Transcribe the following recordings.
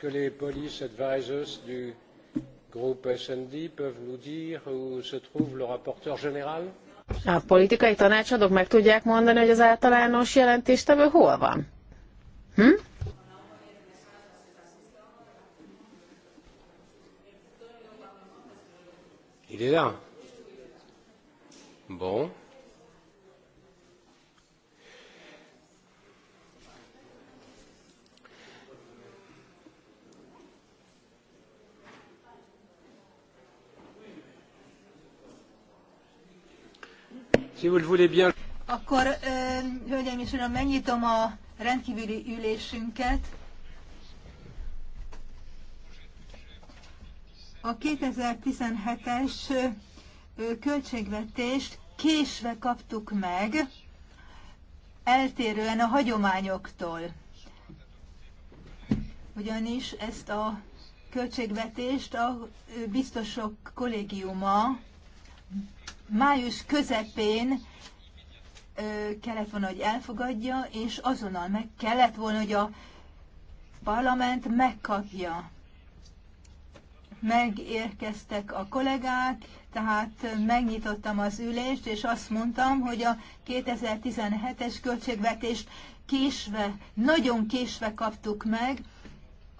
ce que les police advisors du groupe S&D peuvent nous dire où se trouve le rapporteur général? A politikai tanácsadók meg tudják mondani, hogy az általános jelentéstevő hol van? Hm? Il est là. Bon. vous le voulez bien. Akkor, hölgyeim és uram, megnyitom a rendkívüli ülésünket. A 2017-es költségvetést késve kaptuk meg, eltérően a hagyományoktól. Ugyanis ezt a költségvetést a biztosok kollégiuma május közepén kellett volna, hogy elfogadja, és azonnal meg kellett volna, hogy a parlament megkapja. Megérkeztek a kollégák, tehát megnyitottam az ülést, és azt mondtam, hogy a 2017-es költségvetést késve, nagyon késve kaptuk meg,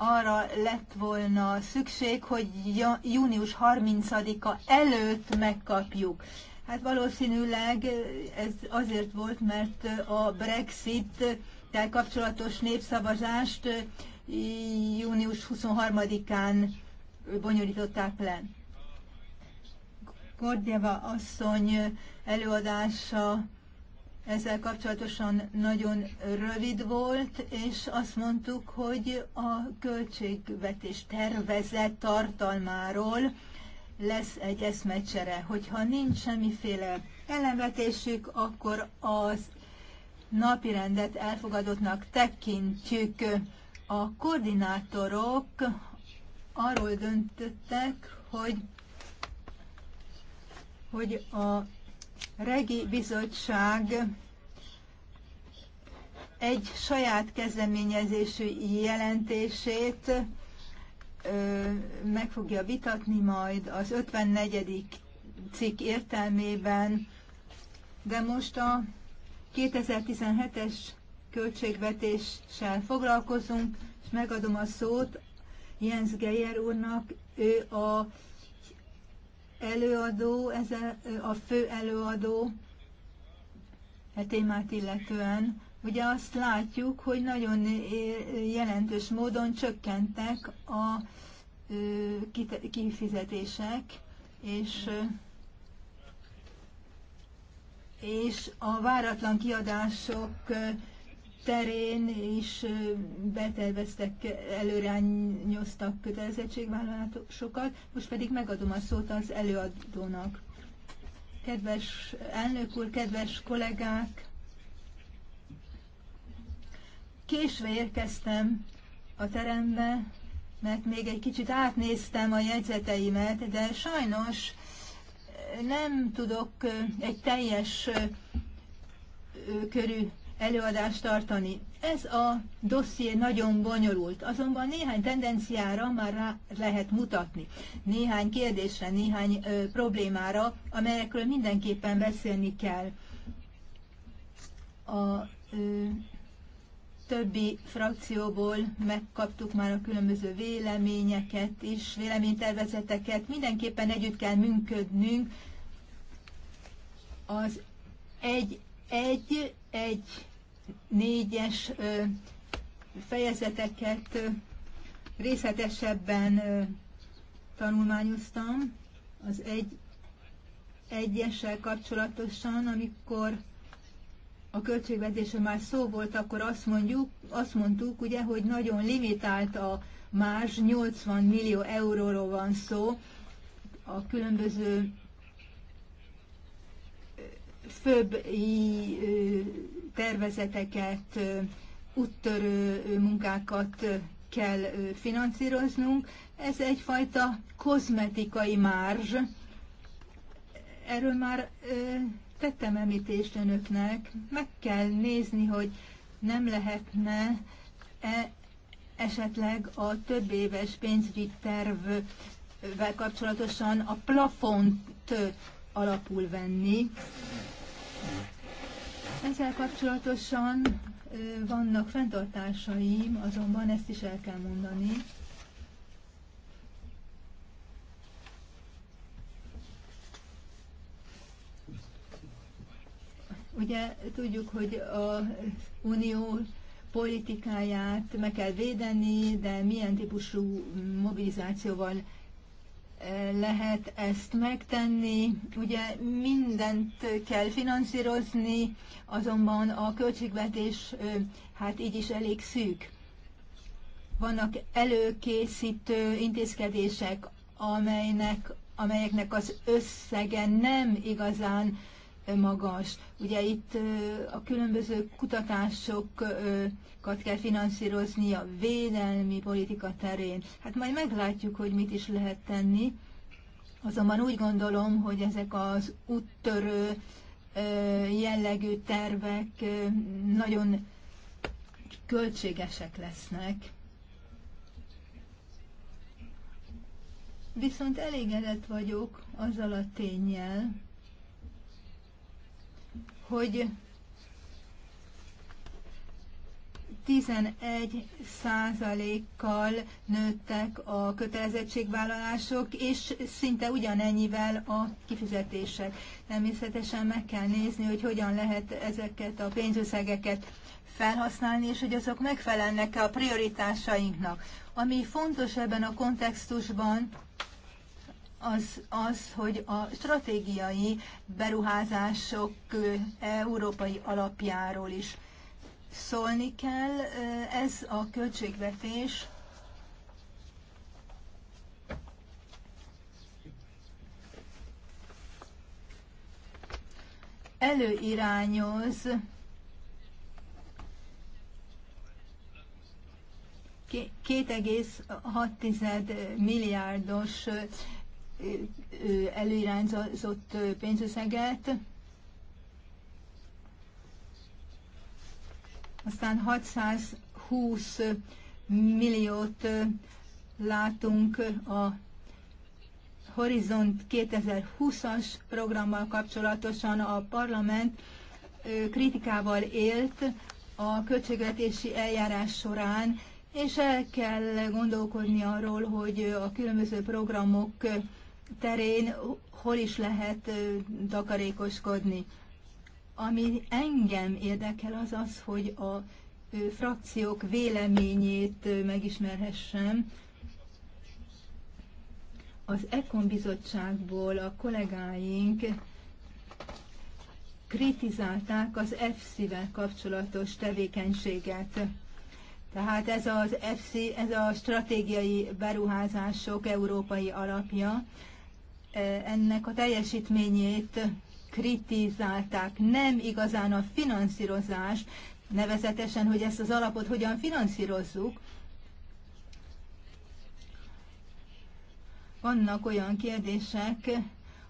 arra lett volna szükség, hogy június 30-a előtt megkapjuk. Hát valószínűleg ez azért volt, mert a Brexit-tel kapcsolatos népszavazást június 23-án bonyolították le. Gordjeva asszony előadása ezzel kapcsolatosan nagyon rövid volt, és azt mondtuk, hogy a költségvetés tervezett tartalmáról lesz egy eszmecsere. Hogyha nincs semmiféle ellenvetésük, akkor az napi rendet elfogadottnak tekintjük. A koordinátorok arról döntöttek, hogy, hogy a Regi Bizottság egy saját kezdeményezésű jelentését meg fogja vitatni majd az 54. cikk értelmében, de most a 2017-es költségvetéssel foglalkozunk, és megadom a szót Jens Geyer úrnak, ő a előadó, ez a fő előadó e témát illetően. Ugye azt látjuk, hogy nagyon e, jelentős módon csökkentek a kifizetések, és és a váratlan kiadások terén is beterveztek, előrányoztak kötelezettségvállalásokat, most pedig megadom a szót az előadónak. Kedves elnök úr, kedves kollégák! Késve érkeztem a terembe, mert még egy kicsit átnéztem a jegyzeteimet, de sajnos nem tudok egy teljes körű előadást tartani. Ez a dosszié nagyon bonyolult, azonban néhány tendenciára már rá lehet mutatni. Néhány kérdésre, néhány ö, problémára, amelyekről mindenképpen beszélni kell. A ö, többi frakcióból megkaptuk már a különböző véleményeket és véleménytervezeteket. Mindenképpen együtt kell működnünk az egy, egy, egy négyes fejezeteket részletesebben tanulmányoztam az egy, egyessel kapcsolatosan, amikor a költségvetésről már szó volt, akkor azt, mondjuk, azt mondtuk, ugye, hogy nagyon limitált a más, 80 millió euróról van szó a különböző főbb tervezeteket, úttörő munkákat kell finanszíroznunk. Ez egyfajta kozmetikai márzs. Erről már tettem említést önöknek. Meg kell nézni, hogy nem lehetne -e esetleg a több éves pénzügyi tervvel kapcsolatosan a plafont alapul venni, ezzel kapcsolatosan vannak fenntartásaim, azonban ezt is el kell mondani. Ugye tudjuk, hogy a unió politikáját meg kell védeni, de milyen típusú mobilizációval lehet ezt megtenni. Ugye mindent kell finanszírozni, azonban a költségvetés hát így is elég szűk. Vannak előkészítő intézkedések, amelynek, amelyeknek az összege nem igazán magas. Ugye itt a különböző kutatásokat kell finanszírozni a védelmi politika terén. Hát majd meglátjuk, hogy mit is lehet tenni. Azonban úgy gondolom, hogy ezek az úttörő jellegű tervek nagyon költségesek lesznek. Viszont elégedett vagyok azzal a tényjel, hogy 11 százalékkal nőttek a kötelezettségvállalások, és szinte ugyanennyivel a kifizetések. Természetesen meg kell nézni, hogy hogyan lehet ezeket a pénzösszegeket felhasználni, és hogy azok megfelelnek-e a prioritásainknak. Ami fontos ebben a kontextusban, az, az, hogy a stratégiai beruházások európai alapjáról is szólni kell. Ez a költségvetés előirányoz két egész milliárdos előirányzott pénzösszeget. Aztán 620 milliót látunk a Horizont 2020-as programmal kapcsolatosan a parlament kritikával élt a költségvetési eljárás során, és el kell gondolkodni arról, hogy a különböző programok terén hol is lehet takarékoskodni. Ami engem érdekel az az, hogy a frakciók véleményét megismerhessem. Az Ekon bizottságból a kollégáink kritizálták az EFSZ-vel kapcsolatos tevékenységet. Tehát ez az EFSI, ez a stratégiai beruházások európai alapja, E, ennek a teljesítményét kritizálták, nem igazán a finanszírozás, nevezetesen, hogy ezt az alapot hogyan finanszírozzuk. Vannak olyan kérdések,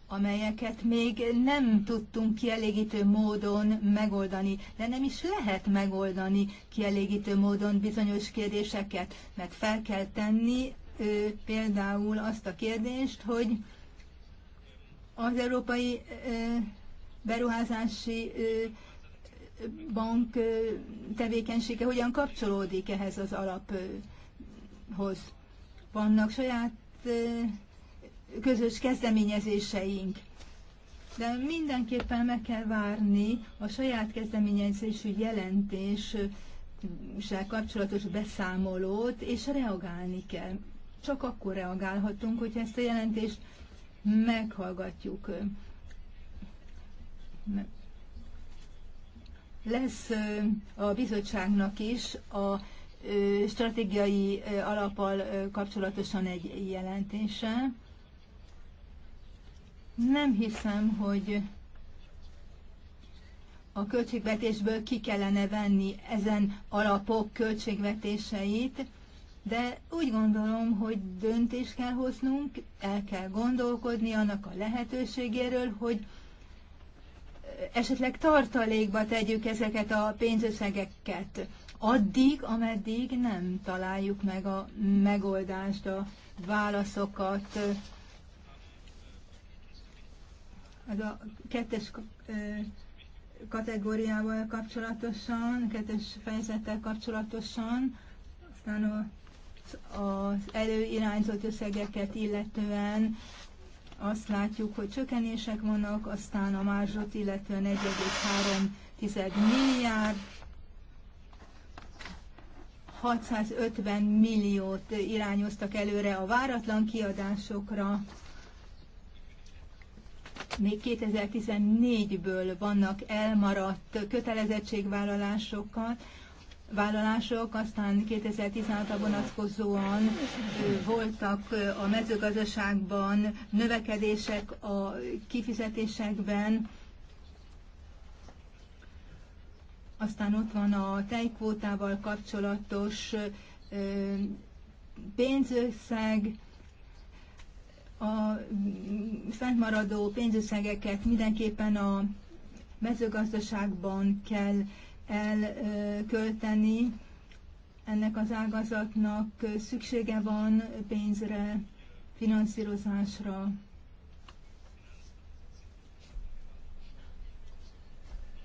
amelyeket még nem tudtunk kielégítő módon megoldani, de nem is lehet megoldani kielégítő módon bizonyos kérdéseket, mert fel kell tenni ő, például azt a kérdést, hogy az Európai Beruházási Bank tevékenysége hogyan kapcsolódik ehhez az alaphoz? Vannak saját közös kezdeményezéseink. De mindenképpen meg kell várni a saját kezdeményezésű jelentéssel kapcsolatos beszámolót, és reagálni kell. Csak akkor reagálhatunk, hogyha ezt a jelentést meghallgatjuk. Lesz a bizottságnak is a stratégiai alapal kapcsolatosan egy jelentése. Nem hiszem, hogy a költségvetésből ki kellene venni ezen alapok költségvetéseit, de úgy gondolom, hogy döntést kell hoznunk, el kell gondolkodni annak a lehetőségéről, hogy eh, esetleg tartalékba tegyük ezeket a pénzösszegeket. Addig, ameddig nem találjuk meg a megoldást, a válaszokat. Ez a kettes eh, kategóriával kapcsolatosan, kettes fejezettel kapcsolatosan, aztán a az előirányzott összegeket illetően azt látjuk, hogy csökkenések vannak, aztán a mázsot illetően 1,3 milliárd, 650 milliót irányoztak előre a váratlan kiadásokra. Még 2014-ből vannak elmaradt kötelezettségvállalásokat, vállalások, aztán 2016-ra vonatkozóan voltak a mezőgazdaságban növekedések a kifizetésekben, aztán ott van a tejkvótával kapcsolatos pénzösszeg, a fennmaradó pénzösszegeket mindenképpen a mezőgazdaságban kell elkölteni. Ennek az ágazatnak szüksége van pénzre, finanszírozásra.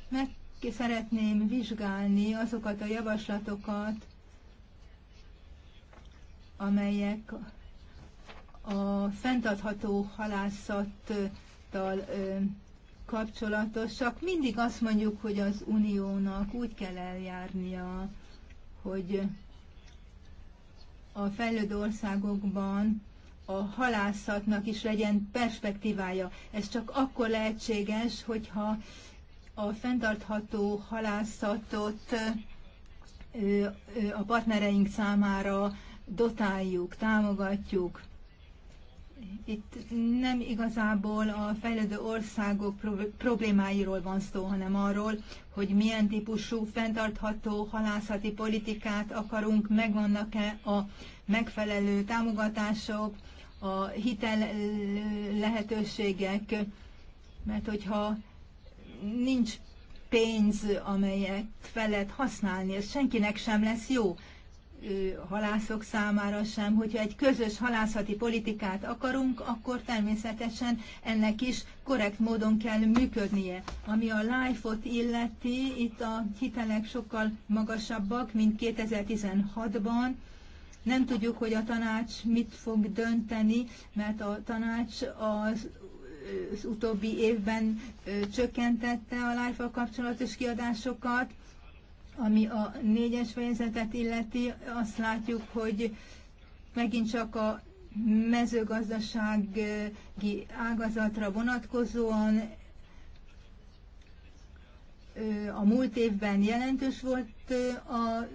Meg szeretném vizsgálni azokat a javaslatokat, amelyek a fenntartható halászattal kapcsolatosak. Mindig azt mondjuk, hogy az uniónak úgy kell eljárnia, hogy a fejlődő országokban a halászatnak is legyen perspektívája. Ez csak akkor lehetséges, hogyha a fenntartható halászatot a partnereink számára dotáljuk, támogatjuk itt nem igazából a fejlődő országok problémáiról van szó, hanem arról, hogy milyen típusú fenntartható halászati politikát akarunk, megvannak-e a megfelelő támogatások, a hitel lehetőségek, mert hogyha nincs pénz, amelyet fel lehet használni, ez senkinek sem lesz jó halászok számára sem. Hogyha egy közös halászati politikát akarunk, akkor természetesen ennek is korrekt módon kell működnie. Ami a LIFE-ot illeti, itt a hitelek sokkal magasabbak, mint 2016-ban. Nem tudjuk, hogy a tanács mit fog dönteni, mert a tanács az az utóbbi évben ö, csökkentette a life kapcsolatos kiadásokat, ami a négyes fejezetet illeti, azt látjuk, hogy megint csak a mezőgazdasági ágazatra vonatkozóan a múlt évben jelentős volt a,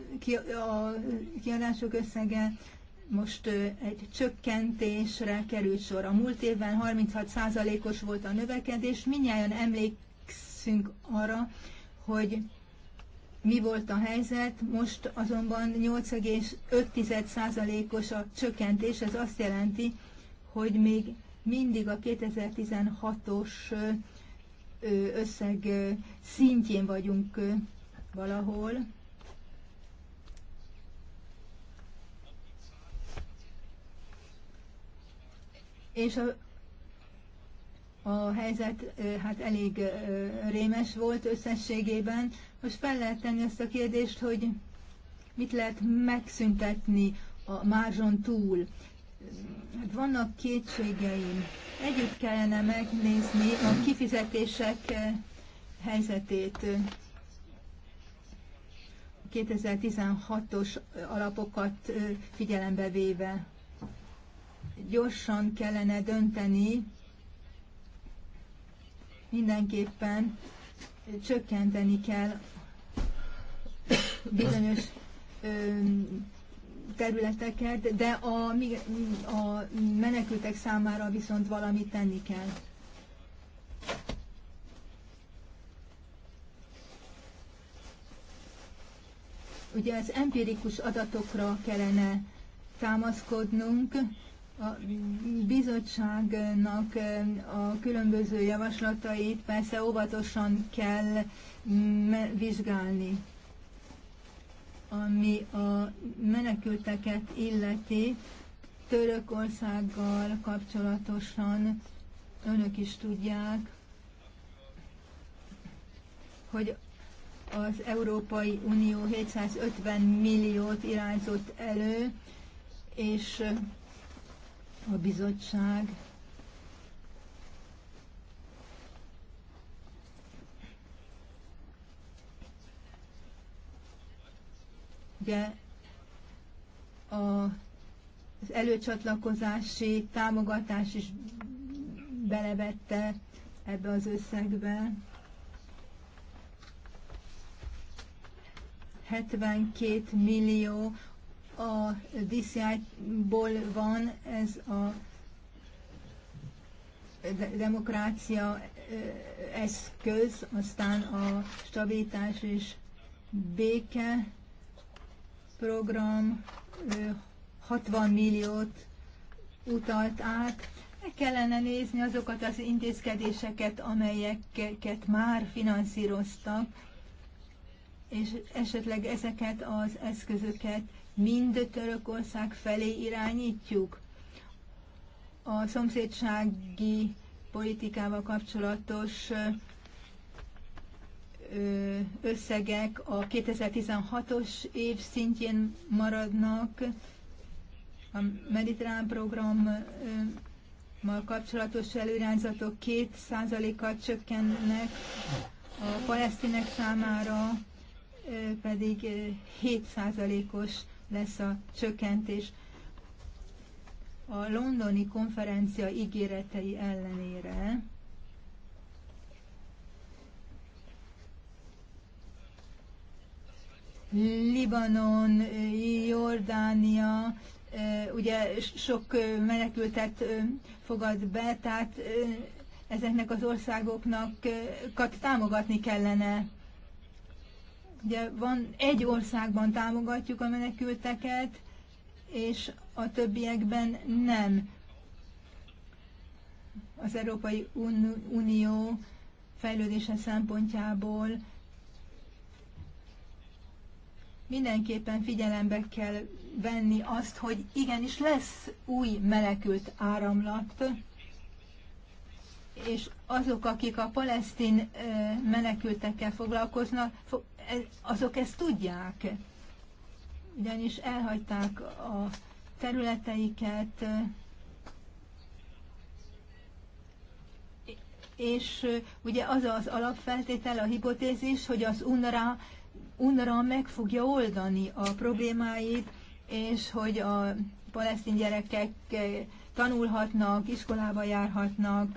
kiadások összege, most egy csökkentésre került sor. A múlt évben 36%-os volt a növekedés, minnyáján emlékszünk arra, hogy mi volt a helyzet, most azonban 8,5%-os a csökkentés, ez azt jelenti, hogy még mindig a 2016-os összeg szintjén vagyunk valahol. És a a helyzet hát elég rémes volt összességében. Most fel lehet tenni azt a kérdést, hogy mit lehet megszüntetni a márzson túl. Hát vannak kétségeim. Együtt kellene megnézni a kifizetések helyzetét. 2016-os alapokat figyelembe véve gyorsan kellene dönteni mindenképpen csökkenteni kell bizonyos területeket, de a, a menekültek számára viszont valamit tenni kell. Ugye az empirikus adatokra kellene támaszkodnunk, a bizottságnak eh, a különböző javaslatait persze óvatosan kell mm, vizsgálni. Ami a menekülteket illeti, Törökországgal kapcsolatosan önök is tudják, hogy az Európai Unió 750 milliót irányzott elő, és a bizottság ugye a, az előcsatlakozási támogatás is belevette ebbe az összegbe. 72 millió a DCI-ból van ez a demokrácia eh, eszköz, aztán a stabilitás és béke program 60 eh, milliót utalt át. Meg kellene nézni azokat az intézkedéseket, amelyeket már finanszíroztak, és esetleg ezeket az eszközöket mind Törökország felé irányítjuk. A szomszédsági politikával kapcsolatos összegek a 2016-os év szintjén maradnak, a mediterrán programmal kapcsolatos előirányzatok 2%-kal csökkennek, a palesztinek számára pedig 7%-os lesz a csökkentés a londoni konferencia ígéretei ellenére. Libanon, Jordánia, ugye sok menekültet fogad be, tehát ezeknek az országoknak támogatni kellene. Ugye van egy országban támogatjuk a menekülteket, és a többiekben nem. Az Európai Unió fejlődése szempontjából mindenképpen figyelembe kell venni azt, hogy igenis lesz új melekült áramlat, és azok, akik a palesztin menekültekkel foglalkoznak, e, azok ezt tudják. Ugyanis elhagyták a területeiket, és ugye az az alapfeltétel, a hipotézis, hogy az unra unra meg fogja oldani a problémáit, és hogy a palesztin gyerekek tanulhatnak, iskolába járhatnak,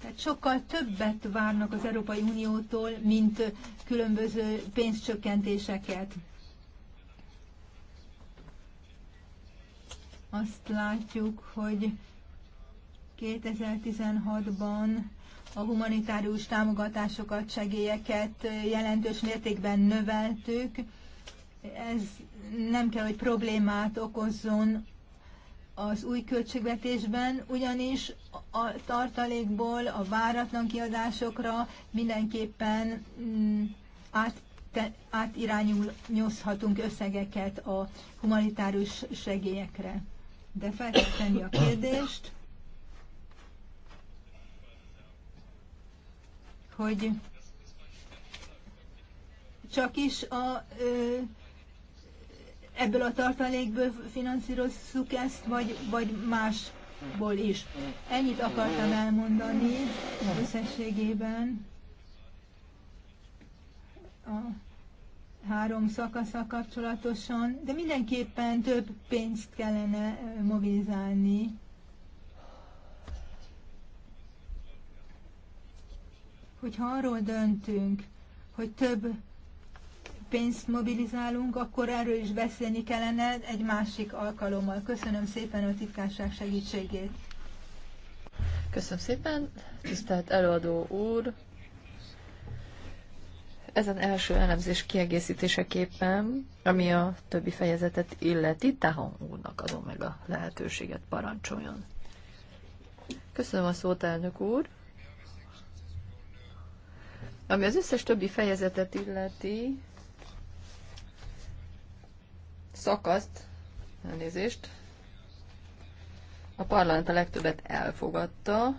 tehát sokkal többet várnak az Európai Uniótól, mint különböző pénzcsökkentéseket. Azt látjuk, hogy 2016-ban a humanitárius támogatásokat, segélyeket jelentős mértékben növeltük. Ez nem kell, hogy problémát okozzon az új költségvetésben, ugyanis a tartalékból a váratlan kiadásokra mindenképpen mm, át, átirányozhatunk összegeket a humanitárius segélyekre. De fel kell tenni a kérdést, hogy csak is a ö, ebből a tartalékből finanszírozzuk ezt, vagy, vagy másból is. Ennyit akartam elmondani összességében a három szakaszsal kapcsolatosan, de mindenképpen több pénzt kellene mobilizálni. Hogyha arról döntünk, hogy több pénzt mobilizálunk, akkor erről is beszélni kellene egy másik alkalommal. Köszönöm szépen a titkárság segítségét. Köszönöm szépen, tisztelt előadó úr. Ezen első elemzés kiegészítéseképpen, ami a többi fejezetet illeti, Tahon úrnak adom meg a lehetőséget, parancsoljon. Köszönöm a szót, elnök úr. Ami az összes többi fejezetet illeti, szakaszt, elnézést, a parlament a legtöbbet elfogadta,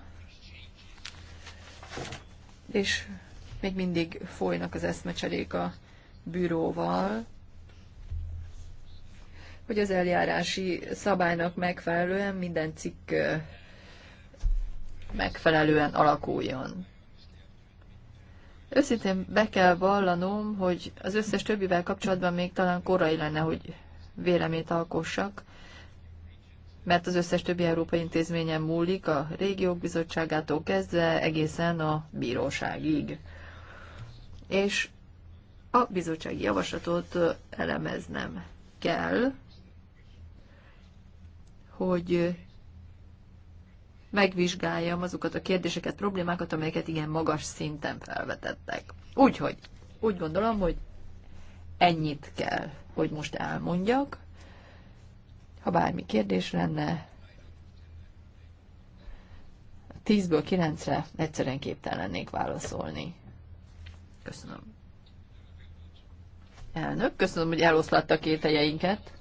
és még mindig folynak az eszmecserék a bűróval, hogy az eljárási szabálynak megfelelően minden cikk megfelelően alakuljon. Őszintén be kell vallanom, hogy az összes többivel kapcsolatban még talán korai lenne, hogy véleményt alkossak, mert az összes többi európai intézményen múlik, a régiók bizottságától kezdve egészen a bíróságig. És a bizottsági javaslatot elemeznem kell, hogy megvizsgáljam azokat a kérdéseket, problémákat, amelyeket igen magas szinten felvetettek. Úgyhogy úgy gondolom, hogy Ennyit kell, hogy most elmondjak. Ha bármi kérdés lenne, tízből kilencre, egyszerűen képtelen lennék válaszolni. Köszönöm. Elnök, köszönöm, hogy eloszlatta kételjeinket.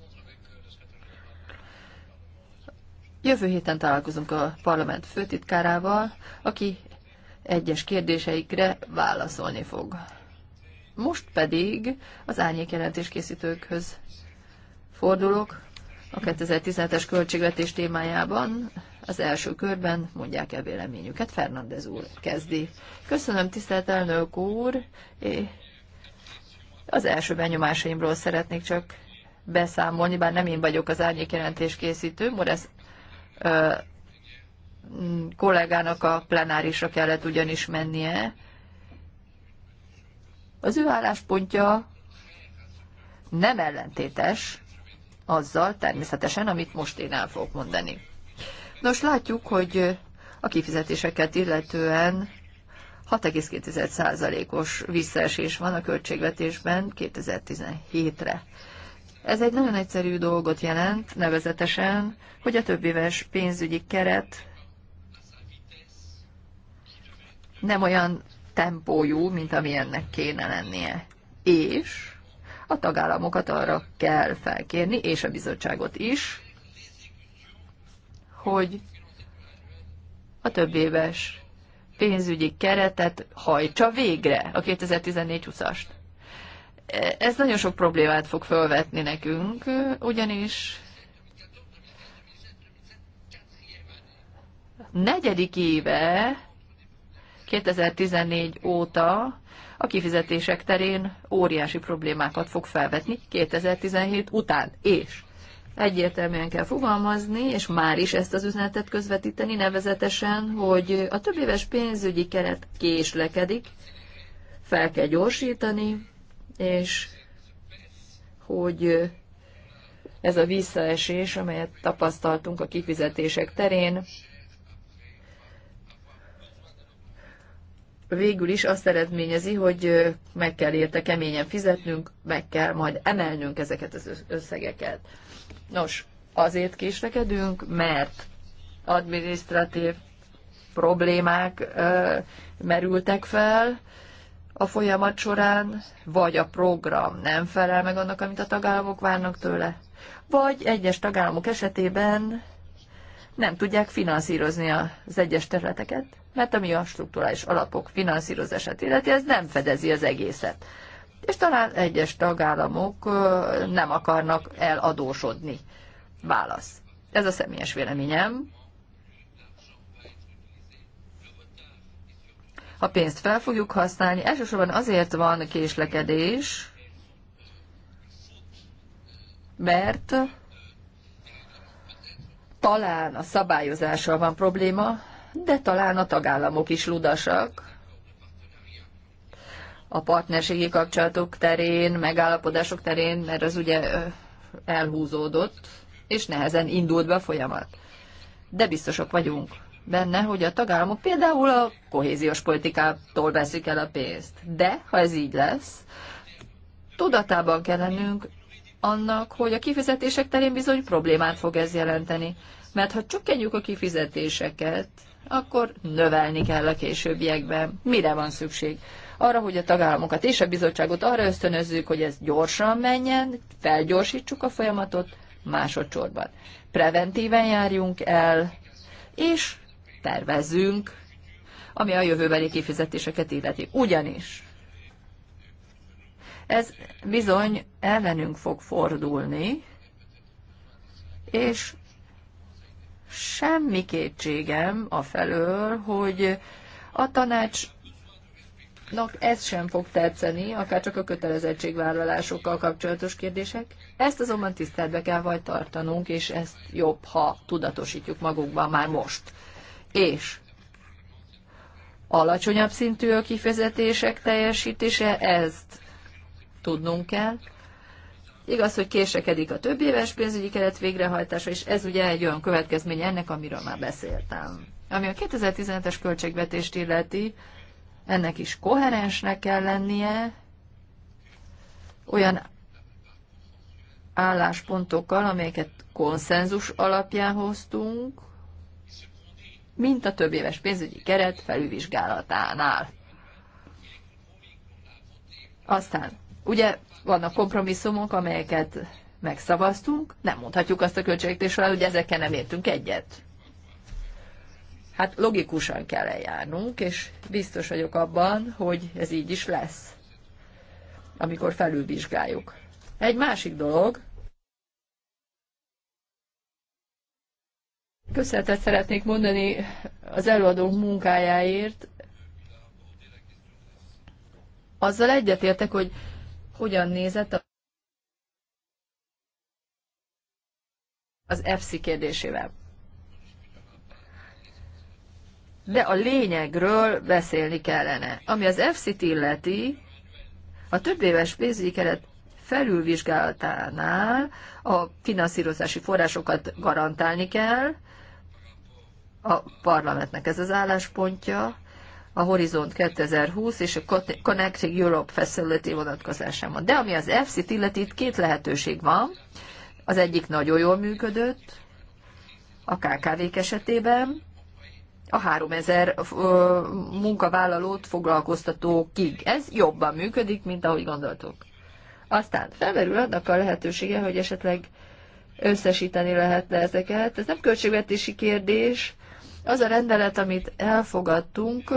Jövő héten találkozunk a parlament főtitkárával, aki egyes kérdéseikre válaszolni fog. Most pedig az árnyék jelentéskészítőkhöz fordulok a 2017-es költségvetés témájában. Az első körben mondják el véleményüket. Fernandez úr kezdi. Köszönöm, tisztelt elnök úr. Az első benyomásaimról szeretnék csak beszámolni, bár nem én vagyok az árnyék jelentés készítő, Moresz kollégának a plenárisra kellett ugyanis mennie, az ő álláspontja nem ellentétes azzal természetesen, amit most én el fogok mondani. Nos, látjuk, hogy a kifizetéseket illetően 6,2%-os visszaesés van a költségvetésben 2017-re. Ez egy nagyon egyszerű dolgot jelent, nevezetesen, hogy a többéves pénzügyi keret nem olyan tempójú, mint amilyennek kéne lennie. És a tagállamokat arra kell felkérni, és a bizottságot is, hogy a több éves pénzügyi keretet hajtsa végre, a 2014-20-ast. Ez nagyon sok problémát fog felvetni nekünk, ugyanis negyedik éve 2014 óta a kifizetések terén óriási problémákat fog felvetni 2017 után. És egyértelműen kell fogalmazni, és már is ezt az üzenetet közvetíteni nevezetesen, hogy a több éves pénzügyi keret késlekedik, fel kell gyorsítani, és hogy ez a visszaesés, amelyet tapasztaltunk a kifizetések terén, végül is azt eredményezi, hogy meg kell érte keményen fizetnünk, meg kell majd emelnünk ezeket az összegeket. Nos, azért késlekedünk, mert administratív problémák ö, merültek fel a folyamat során, vagy a program nem felel meg annak, amit a tagállamok várnak tőle, vagy egyes tagállamok esetében nem tudják finanszírozni az egyes területeket, mert ami a strukturális alapok finanszírozását illeti, ez nem fedezi az egészet. És talán egyes tagállamok nem akarnak eladósodni. Válasz. Ez a személyes véleményem. A pénzt fel fogjuk használni. Elsősorban azért van késlekedés, mert talán a szabályozással van probléma, de talán a tagállamok is ludasak. A partnerségi kapcsolatok terén, megállapodások terén, mert az ugye elhúzódott, és nehezen indult be a folyamat. De biztosak vagyunk benne, hogy a tagállamok például a kohéziós politikától veszik el a pénzt. De, ha ez így lesz, tudatában kell lennünk annak, hogy a kifizetések terén bizony problémát fog ez jelenteni. Mert ha csökkentjük a kifizetéseket, akkor növelni kell a későbbiekben. Mire van szükség? Arra, hogy a tagállamokat és a bizottságot arra ösztönözzük, hogy ez gyorsan menjen, felgyorsítsuk a folyamatot másodszorban. Preventíven járjunk el, és tervezzünk, ami a jövőbeli kifizetéseket illeti. Ugyanis ez bizony ellenünk fog fordulni, és semmi kétségem a felől, hogy a tanács ez sem fog tetszeni, akár csak a kötelezettségvállalásokkal kapcsolatos kérdések. Ezt azonban tiszteletbe kell majd tartanunk, és ezt jobb, ha tudatosítjuk magunkban már most. És alacsonyabb szintű a kifizetések teljesítése, ezt tudnunk kell, Igaz, hogy késekedik a több éves pénzügyi keret végrehajtása, és ez ugye egy olyan következmény ennek, amiről már beszéltem. Ami a 2017-es költségvetést illeti, ennek is koherensnek kell lennie, olyan álláspontokkal, amelyeket konszenzus alapján hoztunk, mint a több éves pénzügyi keret felülvizsgálatánál. Aztán Ugye vannak kompromisszumok, amelyeket megszavaztunk, nem mondhatjuk azt a költségvetésről, hogy ezekkel nem értünk egyet. Hát logikusan kell eljárnunk, és biztos vagyok abban, hogy ez így is lesz, amikor felülvizsgáljuk. Egy másik dolog, Köszönetet szeretnék mondani az előadó munkájáért. Azzal egyetértek, hogy hogyan nézett az FC kérdésével. De a lényegről beszélni kellene. Ami az FC-t illeti, a több éves pénzügyi keret felülvizsgálatánál a finanszírozási forrásokat garantálni kell, a parlamentnek ez az álláspontja, a Horizont 2020 és a Connecting Europe Facility vonatkozásában. De ami az EFSZ-t illeti, itt két lehetőség van. Az egyik nagyon jól működött, a kkv esetében, a 3000 munkavállalót munkavállalót kig. Ez jobban működik, mint ahogy gondoltuk. Aztán felmerül annak a lehetősége, hogy esetleg összesíteni lehetne ezeket. Ez nem költségvetési kérdés, az a rendelet, amit elfogadtunk,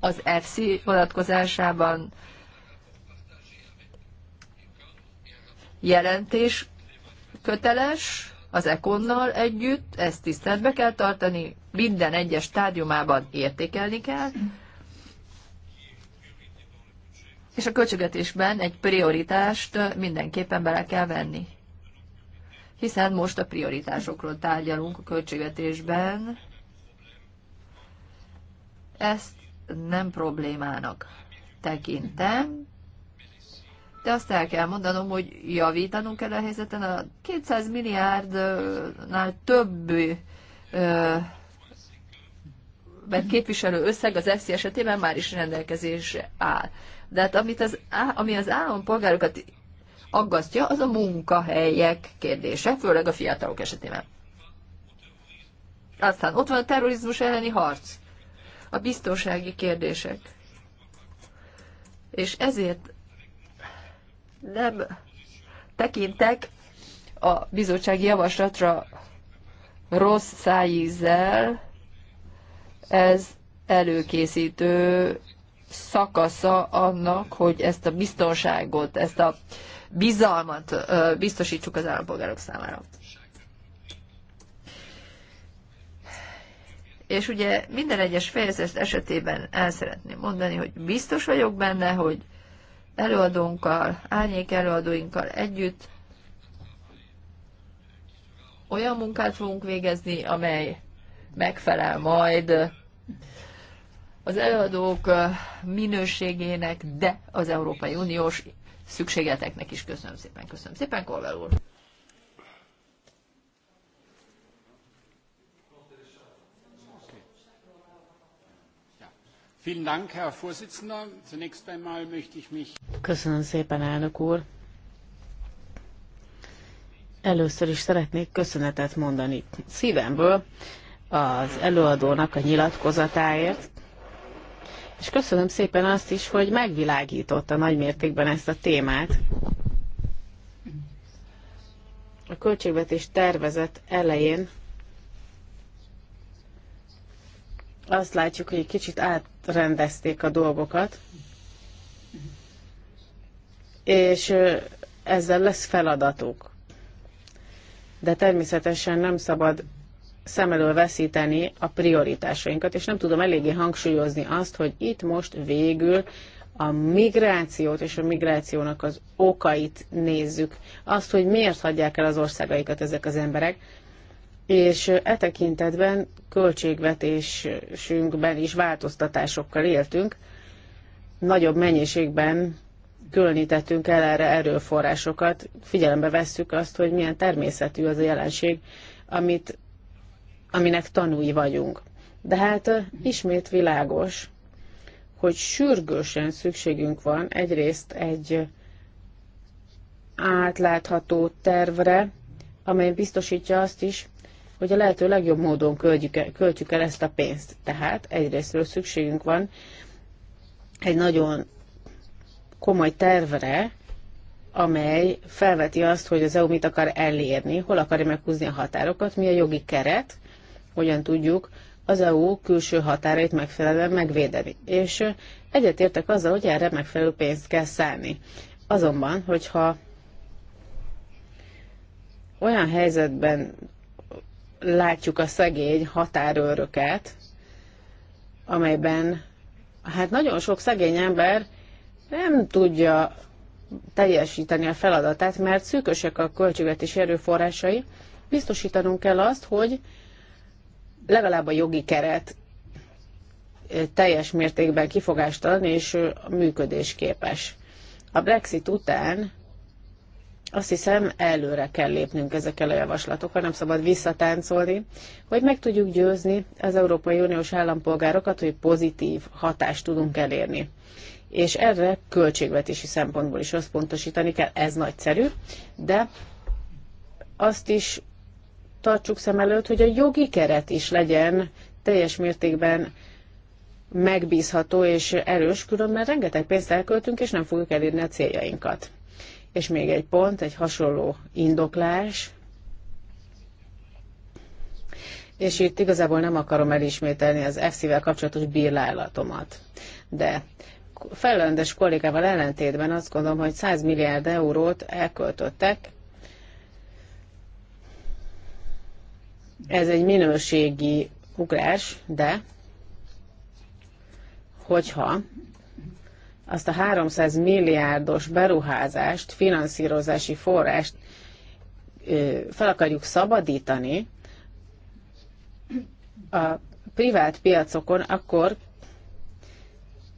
az FC vonatkozásában jelentés köteles az ekonnal együtt, ezt tiszteletbe kell tartani, minden egyes stádiumában értékelni kell, és a költségvetésben egy prioritást mindenképpen bele kell venni hiszen most a prioritásokról tárgyalunk a költségvetésben. Ezt nem problémának tekintem, de azt el kell mondanom, hogy javítanunk kell a helyzeten. A 200 milliárdnál több mert képviselő összeg az EFSZI esetében már is rendelkezésre áll. De hát amit az, ami az állampolgárokat aggasztja, az a munkahelyek kérdése, főleg a fiatalok esetében. Aztán ott van a terrorizmus elleni harc, a biztonsági kérdések. És ezért nem tekintek a bizottsági javaslatra rossz szájízzel, ez előkészítő szakasza annak, hogy ezt a biztonságot, ezt a bizalmat biztosítsuk az állampolgárok számára. És ugye minden egyes fejezet esetében el szeretném mondani, hogy biztos vagyok benne, hogy előadónkkal, árnyék előadóinkkal együtt olyan munkát fogunk végezni, amely megfelel majd az előadók minőségének, de az Európai Uniós szükségleteknek is. Köszönöm szépen, köszönöm szépen, Kolvel úr. Köszönöm szépen, elnök úr. Először is szeretnék köszönetet mondani szívemből az előadónak a nyilatkozatáért, és köszönöm szépen azt is, hogy megvilágította nagymértékben ezt a témát. A költségvetés tervezet elején azt látjuk, hogy egy kicsit átrendezték a dolgokat, és ezzel lesz feladatuk. De természetesen nem szabad szem elől veszíteni a prioritásainkat, és nem tudom eléggé hangsúlyozni azt, hogy itt most végül a migrációt és a migrációnak az okait nézzük. Azt, hogy miért hagyják el az országaikat ezek az emberek, és e tekintetben költségvetésünkben is változtatásokkal éltünk, nagyobb mennyiségben különítettünk el erre erőforrásokat, figyelembe vesszük azt, hogy milyen természetű az a jelenség, amit aminek tanúi vagyunk. De hát ismét világos, hogy sürgősen szükségünk van egyrészt egy átlátható tervre, amely biztosítja azt is, hogy a lehető legjobb módon költjük el, költjük el ezt a pénzt. Tehát egyrésztről szükségünk van egy nagyon komoly tervre, amely felveti azt, hogy az EU mit akar elérni, hol akarja meghúzni a határokat, mi a jogi keret, hogyan tudjuk az EU külső határait megfelelően megvédeni. És egyetértek azzal, hogy erre megfelelő pénzt kell szállni. Azonban, hogyha olyan helyzetben látjuk a szegény határőröket, amelyben hát nagyon sok szegény ember nem tudja teljesíteni a feladatát, mert szűkösek a költségvetési erőforrásai, biztosítanunk kell azt, hogy legalább a jogi keret teljes mértékben kifogástalan és működésképes. A Brexit után azt hiszem előre kell lépnünk ezekkel a javaslatokkal, nem szabad visszatáncolni, hogy meg tudjuk győzni az Európai Uniós állampolgárokat, hogy pozitív hatást tudunk elérni. És erre költségvetési szempontból is összpontosítani kell, ez nagyszerű, de azt is tartsuk szem előtt, hogy a jogi keret is legyen teljes mértékben megbízható és erős, különben rengeteg pénzt elköltünk, és nem fogjuk elérni a céljainkat. És még egy pont, egy hasonló indoklás, és itt igazából nem akarom elismételni az FC-vel kapcsolatos bírálatomat. De felelendes kollégával ellentétben azt gondolom, hogy 100 milliárd eurót elköltöttek Ez egy minőségi ugrás, de hogyha azt a 300 milliárdos beruházást, finanszírozási forrást fel akarjuk szabadítani a privát piacokon, akkor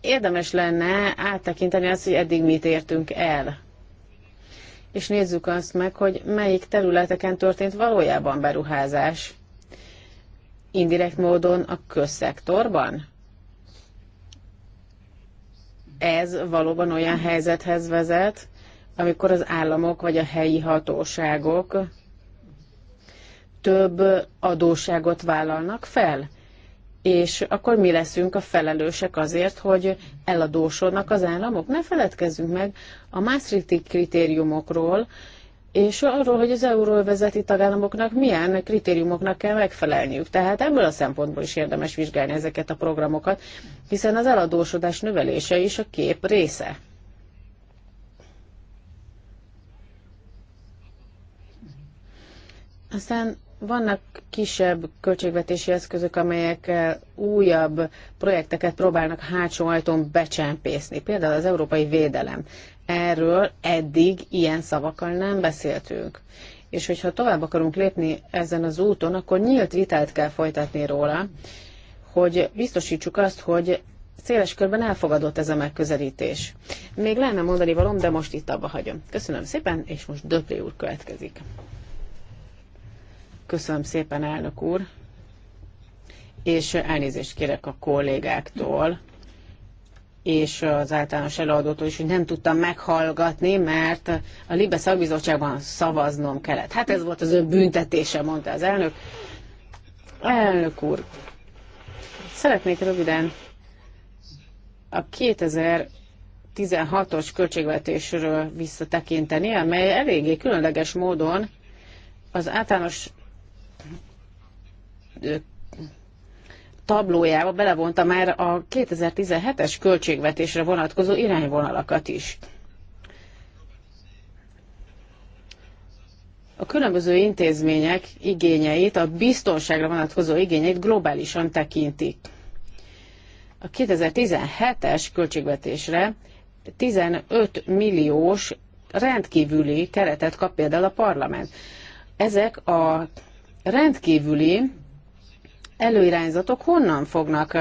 érdemes lenne áttekinteni azt, hogy eddig mit értünk el és nézzük azt meg, hogy melyik területeken történt valójában beruházás. Indirekt módon a közszektorban? Ez valóban olyan helyzethez vezet, amikor az államok vagy a helyi hatóságok több adósságot vállalnak fel, és akkor mi leszünk a felelősek azért, hogy eladósodnak az államok. Ne feledkezzünk meg a Maastrichti kritériumokról, és arról, hogy az euróvezeti tagállamoknak milyen kritériumoknak kell megfelelniük. Tehát ebből a szempontból is érdemes vizsgálni ezeket a programokat, hiszen az eladósodás növelése is a kép része. Aztán vannak kisebb költségvetési eszközök, amelyekkel újabb projekteket próbálnak hátsó ajtón becsempészni, például az európai védelem. Erről eddig ilyen szavakkal nem beszéltünk. És hogyha tovább akarunk lépni ezen az úton, akkor nyílt vitát kell folytatni róla, hogy biztosítsuk azt, hogy széles körben elfogadott ez a megközelítés. Még lenne mondani valom, de most itt abba hagyom. Köszönöm szépen, és most Döplé úr következik. Köszönöm szépen, elnök úr, és elnézést kérek a kollégáktól és az általános előadótól is, hogy nem tudtam meghallgatni, mert a Libe szakbizottságban szavaznom kellett. Hát ez volt az ön büntetése, mondta az elnök. Elnök úr, szeretnék röviden a 2016-os költségvetésről visszatekinteni, amely eléggé különleges módon az általános tablójába belevonta már a 2017-es költségvetésre vonatkozó irányvonalakat is. A különböző intézmények igényeit, a biztonságra vonatkozó igényeit globálisan tekintik. A 2017-es költségvetésre 15 milliós rendkívüli keretet kap például a parlament. Ezek a rendkívüli előirányzatok honnan fognak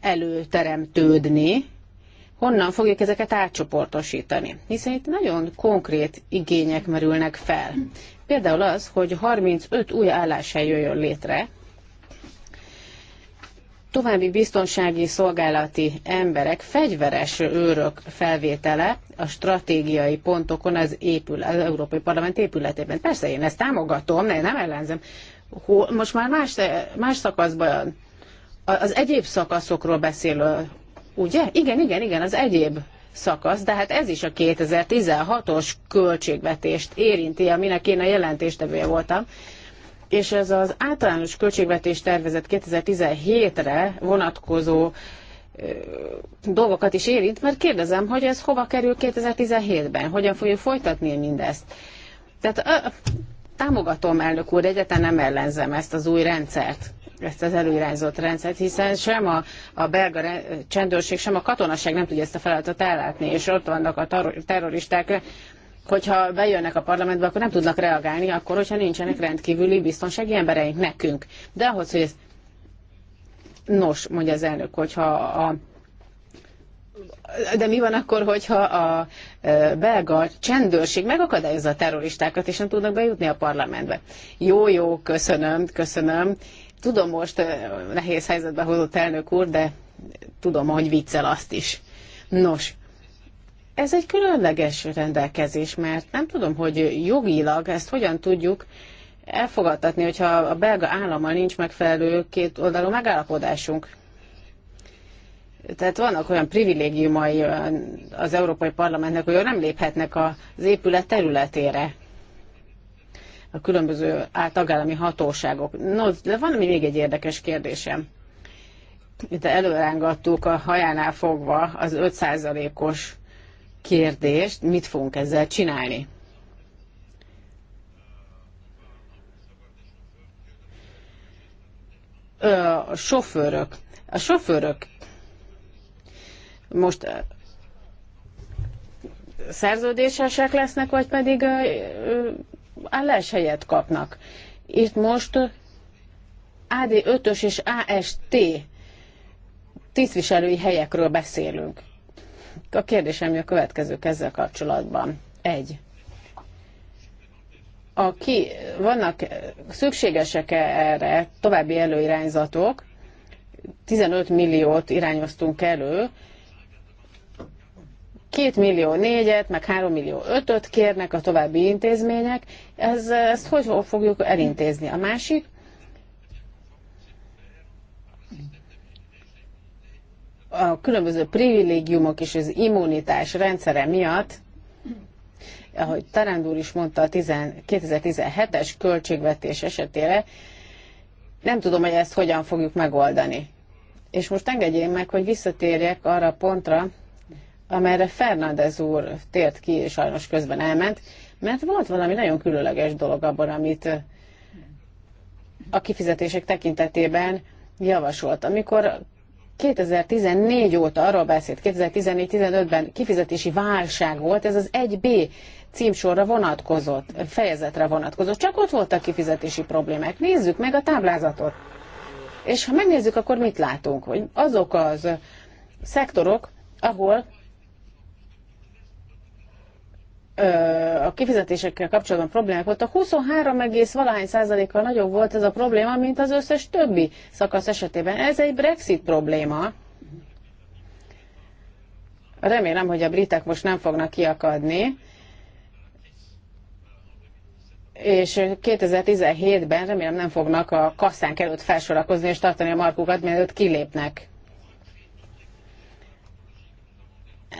előteremtődni, honnan fogjuk ezeket átcsoportosítani. Hiszen itt nagyon konkrét igények merülnek fel. Például az, hogy 35 új álláshely jöjjön létre, további biztonsági szolgálati emberek, fegyveres őrök felvétele a stratégiai pontokon az, épület, az Európai Parlament épületében. Persze én ezt támogatom, de nem ellenzem, hol, most már más, más szakaszban, az egyéb szakaszokról beszél, ugye? Igen, igen, igen, az egyéb szakasz, de hát ez is a 2016-os költségvetést érinti, aminek én a jelentéstevője voltam, és ez az általános költségvetés tervezet 2017-re vonatkozó dolgokat is érint, mert kérdezem, hogy ez hova kerül 2017-ben, hogyan fogjuk folytatni mindezt. Tehát Támogatom, elnök úr, egyáltalán nem ellenzem ezt az új rendszert ezt az előirányzott rendszert, hiszen sem a, a belga csendőrség, sem a katonaság nem tudja ezt a feladatot ellátni, és ott vannak a terroristák, hogyha bejönnek a parlamentbe, akkor nem tudnak reagálni, akkor, hogyha nincsenek rendkívüli biztonsági embereink nekünk. De ahhoz, hogy ez... Nos, mondja az elnök, hogyha a de mi van akkor, hogyha a e, belga csendőrség megakadályozza a terroristákat, és nem tudnak bejutni a parlamentbe? Jó, jó, köszönöm, köszönöm. Tudom, most e, nehéz helyzetbe hozott elnök úr, de tudom, hogy viccel azt is. Nos, ez egy különleges rendelkezés, mert nem tudom, hogy jogilag ezt hogyan tudjuk elfogadtatni, hogyha a belga állammal nincs megfelelő két oldalú megállapodásunk. Tehát vannak olyan privilégiumai az Európai Parlamentnek, hogy nem léphetnek az épület területére a különböző tagállami hatóságok. No, de van még egy érdekes kérdésem. Itt előrángattuk a hajánál fogva az 5%-os kérdést, mit fogunk ezzel csinálni. A sofőrök. A sofőrök most eh, szerződésesek lesznek, vagy pedig eh, eh, álláshelyet kapnak. Itt most AD5-ös és AST tisztviselői helyekről beszélünk. A kérdésem a következők ezzel kapcsolatban. Egy. A ki, vannak szükségesek-e erre további előirányzatok? 15 milliót irányoztunk elő, 2 millió négyet, meg 3 millió ötöt kérnek a további intézmények, ez, ezt hogy fogjuk elintézni? A másik, a különböző privilégiumok és az immunitás rendszere miatt, ahogy úr is mondta a 2017-es költségvetés esetére, nem tudom, hogy ezt hogyan fogjuk megoldani. És most engedjék meg, hogy visszatérjek arra a pontra, amelyre Fernández úr tért ki, és sajnos közben elment, mert volt valami nagyon különleges dolog abban, amit a kifizetések tekintetében javasolt. Amikor 2014 óta arról beszélt, 2014-15-ben kifizetési válság volt, ez az 1B címsorra vonatkozott, fejezetre vonatkozott, csak ott voltak kifizetési problémák. Nézzük meg a táblázatot. És ha megnézzük, akkor mit látunk? Hogy azok az szektorok, ahol a kifizetésekkel kapcsolatban problémák voltak, 23, valahány százalékkal nagyobb volt ez a probléma, mint az összes többi szakasz esetében. Ez egy Brexit probléma. Remélem, hogy a britek most nem fognak kiakadni. És 2017-ben remélem nem fognak a kasszánk előtt felsorakozni és tartani a markukat, mielőtt kilépnek.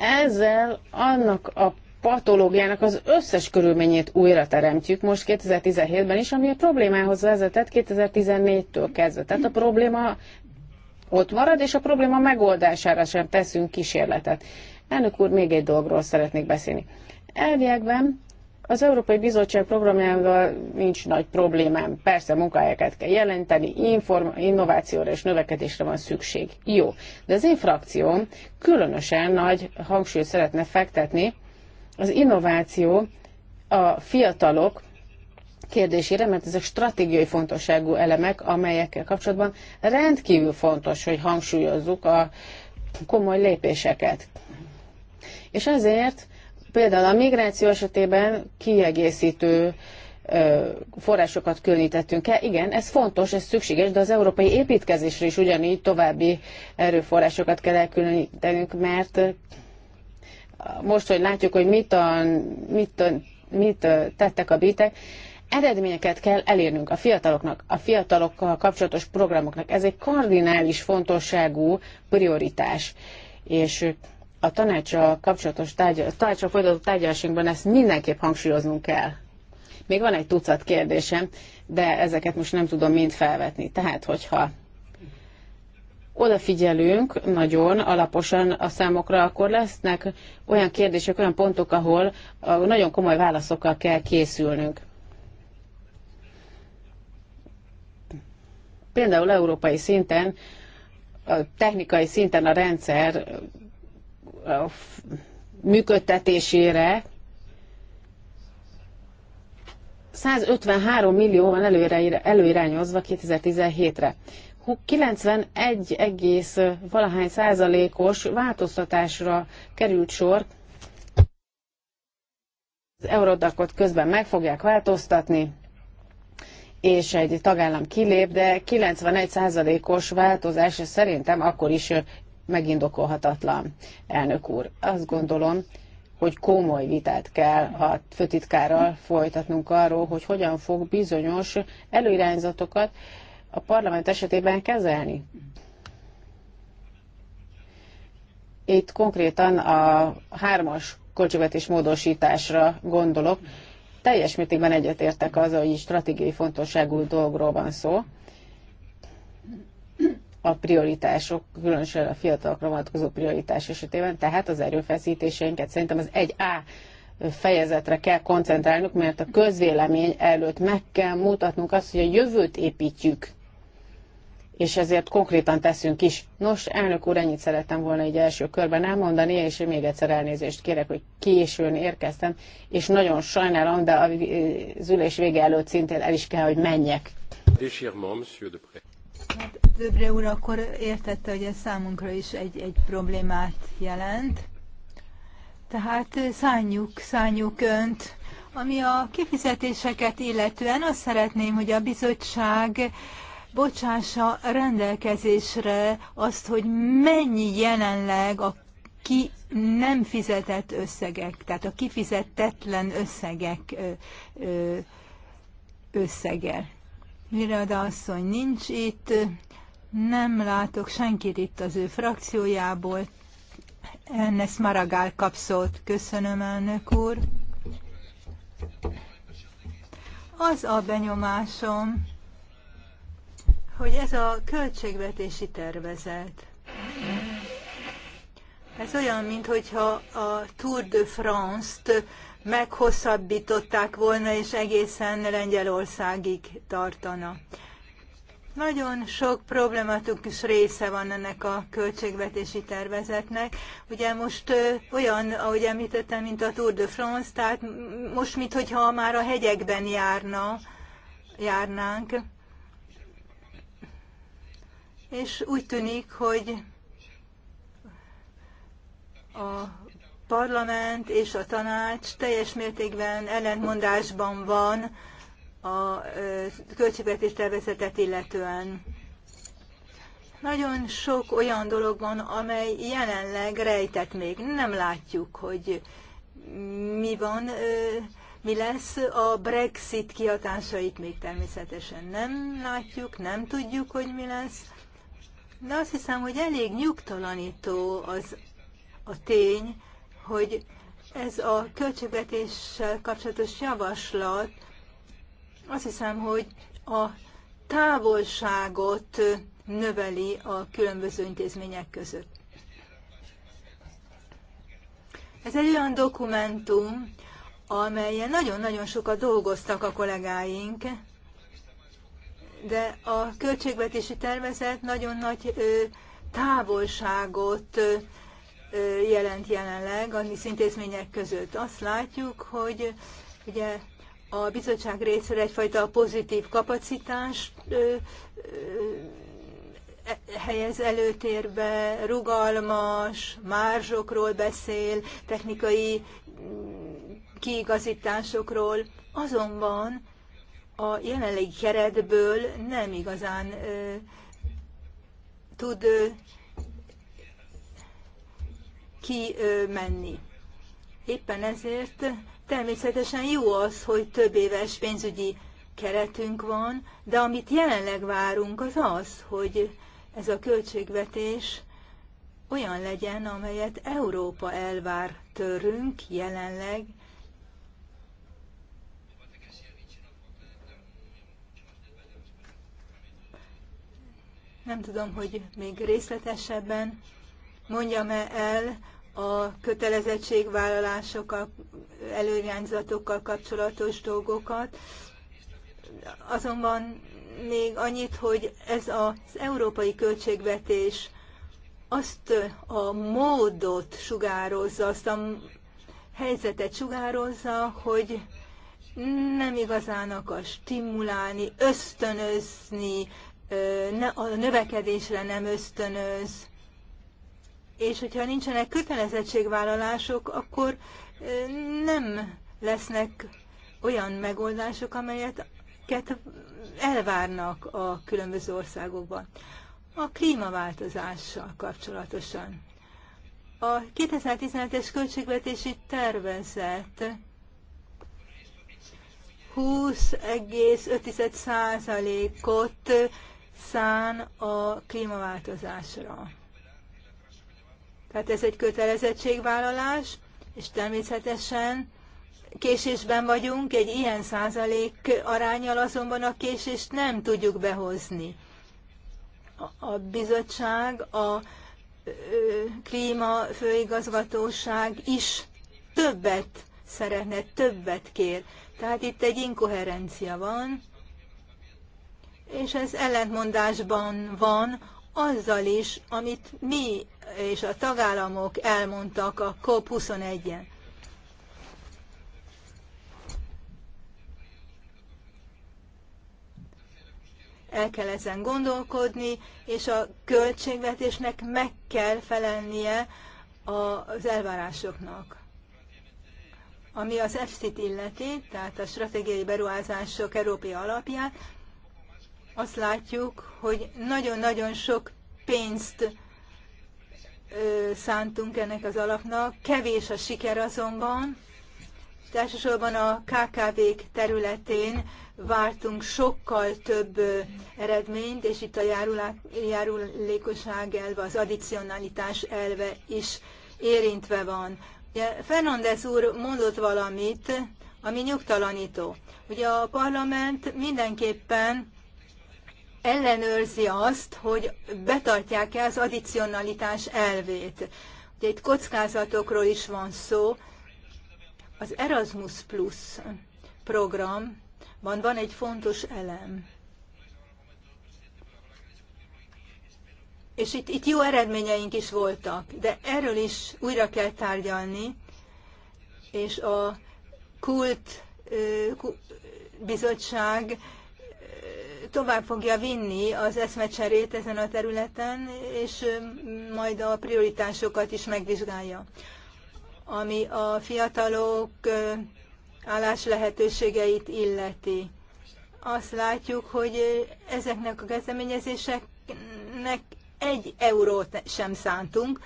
Ezzel annak a patológiának az összes körülményét újra teremtjük most 2017-ben is, ami a problémához vezetett 2014-től kezdve. Tehát a probléma ott marad, és a probléma megoldására sem teszünk kísérletet. Elnök úr, még egy dologról szeretnék beszélni. Elviekben az Európai Bizottság programjával nincs nagy problémám. Persze munkahelyeket kell jelenteni, inform- innovációra és növekedésre van szükség. Jó. De az én frakcióm különösen nagy hangsúlyt szeretne fektetni az innováció a fiatalok kérdésére, mert ezek stratégiai fontosságú elemek, amelyekkel kapcsolatban rendkívül fontos, hogy hangsúlyozzuk a komoly lépéseket. És ezért például a migráció esetében kiegészítő forrásokat különítettünk el. Igen, ez fontos, ez szükséges, de az európai építkezésre is ugyanígy további erőforrásokat kell elkülönítenünk, mert most, hogy látjuk, hogy mit, a, mit, a, mit tettek a bitek, eredményeket kell elérnünk a fiataloknak, a fiatalokkal kapcsolatos programoknak. Ez egy kardinális fontosságú prioritás. És a tanácsa kapcsolatos tárgy, a folytatott tárgyalásunkban ezt mindenképp hangsúlyoznunk kell. Még van egy tucat kérdésem, de ezeket most nem tudom mind felvetni. Tehát, hogyha odafigyelünk nagyon alaposan a számokra, akkor lesznek olyan kérdések, olyan pontok, ahol nagyon komoly válaszokkal kell készülnünk. Például európai szinten, technikai szinten a rendszer működtetésére 153 millió van előire, előirányozva 2017-re. 91 egész valahány százalékos változtatásra került sor. Az eurodakot közben meg fogják változtatni, és egy tagállam kilép, de 91 százalékos változás szerintem akkor is megindokolhatatlan, elnök úr. Azt gondolom, hogy komoly vitát kell a főtitkárral folytatnunk arról, hogy hogyan fog bizonyos előirányzatokat a parlament esetében kezelni. Itt konkrétan a hármas költségvetés módosításra gondolok. Teljes mértékben egyetértek az, hogy stratégiai fontosságú dolgról van szó. A prioritások, különösen a fiatalokra vonatkozó prioritás esetében, tehát az erőfeszítéseinket szerintem az 1A fejezetre kell koncentrálnunk, mert a közvélemény előtt meg kell mutatnunk azt, hogy a jövőt építjük és ezért konkrétan teszünk is. Nos, elnök úr, ennyit szerettem volna egy első körben elmondani, és még egyszer elnézést kérek, hogy későn érkeztem, és nagyon sajnálom, de az ülés vége előtt szintén el is kell, hogy menjek. Hát, Döbre úr akkor értette, hogy ez számunkra is egy, egy problémát jelent. Tehát eh, szánjuk, szánjuk önt. Ami a kifizetéseket illetően, azt szeretném, hogy a bizottság bocsássa rendelkezésre azt, hogy mennyi jelenleg a ki nem fizetett összegek, tehát a kifizetetlen összegek összege. Mirada asszony nincs itt, nem látok senkit itt az ő frakciójából. Ennes Maragál kapszót. Köszönöm, elnök úr. Az a benyomásom, hogy ez a költségvetési tervezet, ez olyan, mintha a Tour de France-t meghosszabbították volna, és egészen Lengyelországig tartana. Nagyon sok problematikus része van ennek a költségvetési tervezetnek. Ugye most olyan, ahogy említettem, mint a Tour de France, tehát most, mintha már a hegyekben járna, járnánk és úgy tűnik, hogy a parlament és a tanács teljes mértékben ellentmondásban van a költségvetés tervezetet illetően. Nagyon sok olyan dolog van, amely jelenleg rejtett még. Nem látjuk, hogy mi van, mi lesz a Brexit kiadásait még természetesen nem látjuk, nem tudjuk, hogy mi lesz. De azt hiszem, hogy elég nyugtalanító az a tény, hogy ez a költségvetéssel kapcsolatos javaslat azt hiszem, hogy a távolságot növeli a különböző intézmények között. Ez egy olyan dokumentum, amelyen nagyon-nagyon sokat dolgoztak a kollégáink, de a költségvetési tervezet nagyon nagy távolságot jelent jelenleg a intézmények között. Azt látjuk, hogy ugye a bizottság részéről egyfajta pozitív kapacitás helyez előtérbe, rugalmas, márzsokról beszél, technikai kiigazításokról, azonban a jelenlegi keretből nem igazán ö, tud ö, menni. Éppen ezért természetesen jó az, hogy több éves pénzügyi keretünk van, de amit jelenleg várunk az az, hogy ez a költségvetés olyan legyen, amelyet Európa elvár törünk jelenleg, Nem tudom, hogy még részletesebben mondjam-e el a kötelezettségvállalásokkal, előirányzatokkal kapcsolatos dolgokat. Azonban még annyit, hogy ez az európai költségvetés azt a módot sugározza, azt a helyzetet sugározza, hogy nem igazán akar stimulálni, ösztönözni, a növekedésre nem ösztönöz, és hogyha nincsenek kötelezettségvállalások, akkor nem lesznek olyan megoldások, amelyeket elvárnak a különböző országokban. A klímaváltozással kapcsolatosan. A 2017-es költségvetési tervezet 20,5%-ot szán a klímaváltozásra. Tehát ez egy kötelezettségvállalás, és természetesen késésben vagyunk, egy ilyen százalék arányal azonban a késést nem tudjuk behozni. A bizottság, a klímafőigazgatóság is többet szeretne, többet kér. Tehát itt egy inkoherencia van, és ez ellentmondásban van azzal is, amit mi és a tagállamok elmondtak a COP21-en. El kell ezen gondolkodni, és a költségvetésnek meg kell felelnie az elvárásoknak. Ami az efsz illeti, tehát a stratégiai beruházások Európai alapját, azt látjuk, hogy nagyon-nagyon sok pénzt szántunk ennek az alapnak, kevés a siker azonban, elsősorban a KKV-k területén vártunk sokkal több eredményt, és itt a járulékosság elve, az addicionalitás elve is érintve van. Ugye Fernandez úr mondott valamit, ami nyugtalanító. Ugye a parlament mindenképpen ellenőrzi azt, hogy betartják-e az addicionalitás elvét. Ugye itt kockázatokról is van szó. Az Erasmus Plus programban van egy fontos elem. És itt, itt jó eredményeink is voltak, de erről is újra kell tárgyalni, és a kult bizottság tovább fogja vinni az eszmecserét ezen a területen, és majd a prioritásokat is megvizsgálja. Ami a fiatalok állás lehetőségeit illeti. Azt látjuk, hogy ezeknek a kezdeményezéseknek egy eurót sem szántunk,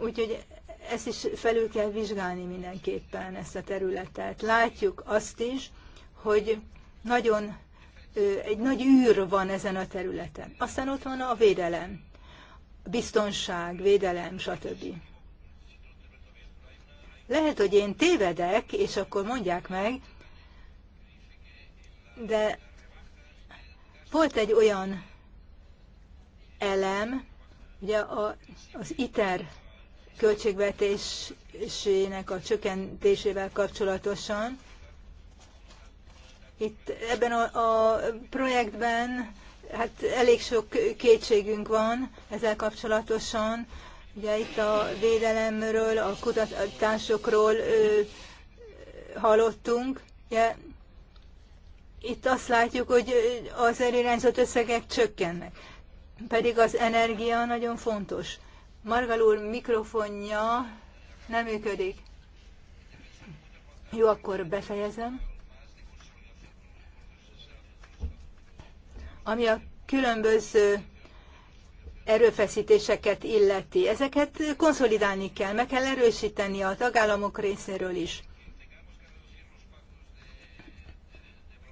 úgyhogy ezt is felül kell vizsgálni mindenképpen ezt a területet. Látjuk azt is, hogy nagyon egy nagy űr van ezen a területen. Aztán ott van a védelem, biztonság, védelem, stb. Lehet, hogy én tévedek, és akkor mondják meg, de volt egy olyan elem, ugye a, az ITER költségvetésének a csökkentésével kapcsolatosan, itt ebben a, a projektben hát elég sok kétségünk van ezzel kapcsolatosan. Ugye itt a védelemről, a kutatásokról ö, hallottunk. Ugye, itt azt látjuk, hogy az elirányzott összegek csökkennek. Pedig az energia nagyon fontos. Margal úr mikrofonja nem működik. Jó, akkor befejezem. ami a különböző erőfeszítéseket illeti. Ezeket konszolidálni kell, meg kell erősíteni a tagállamok részéről is.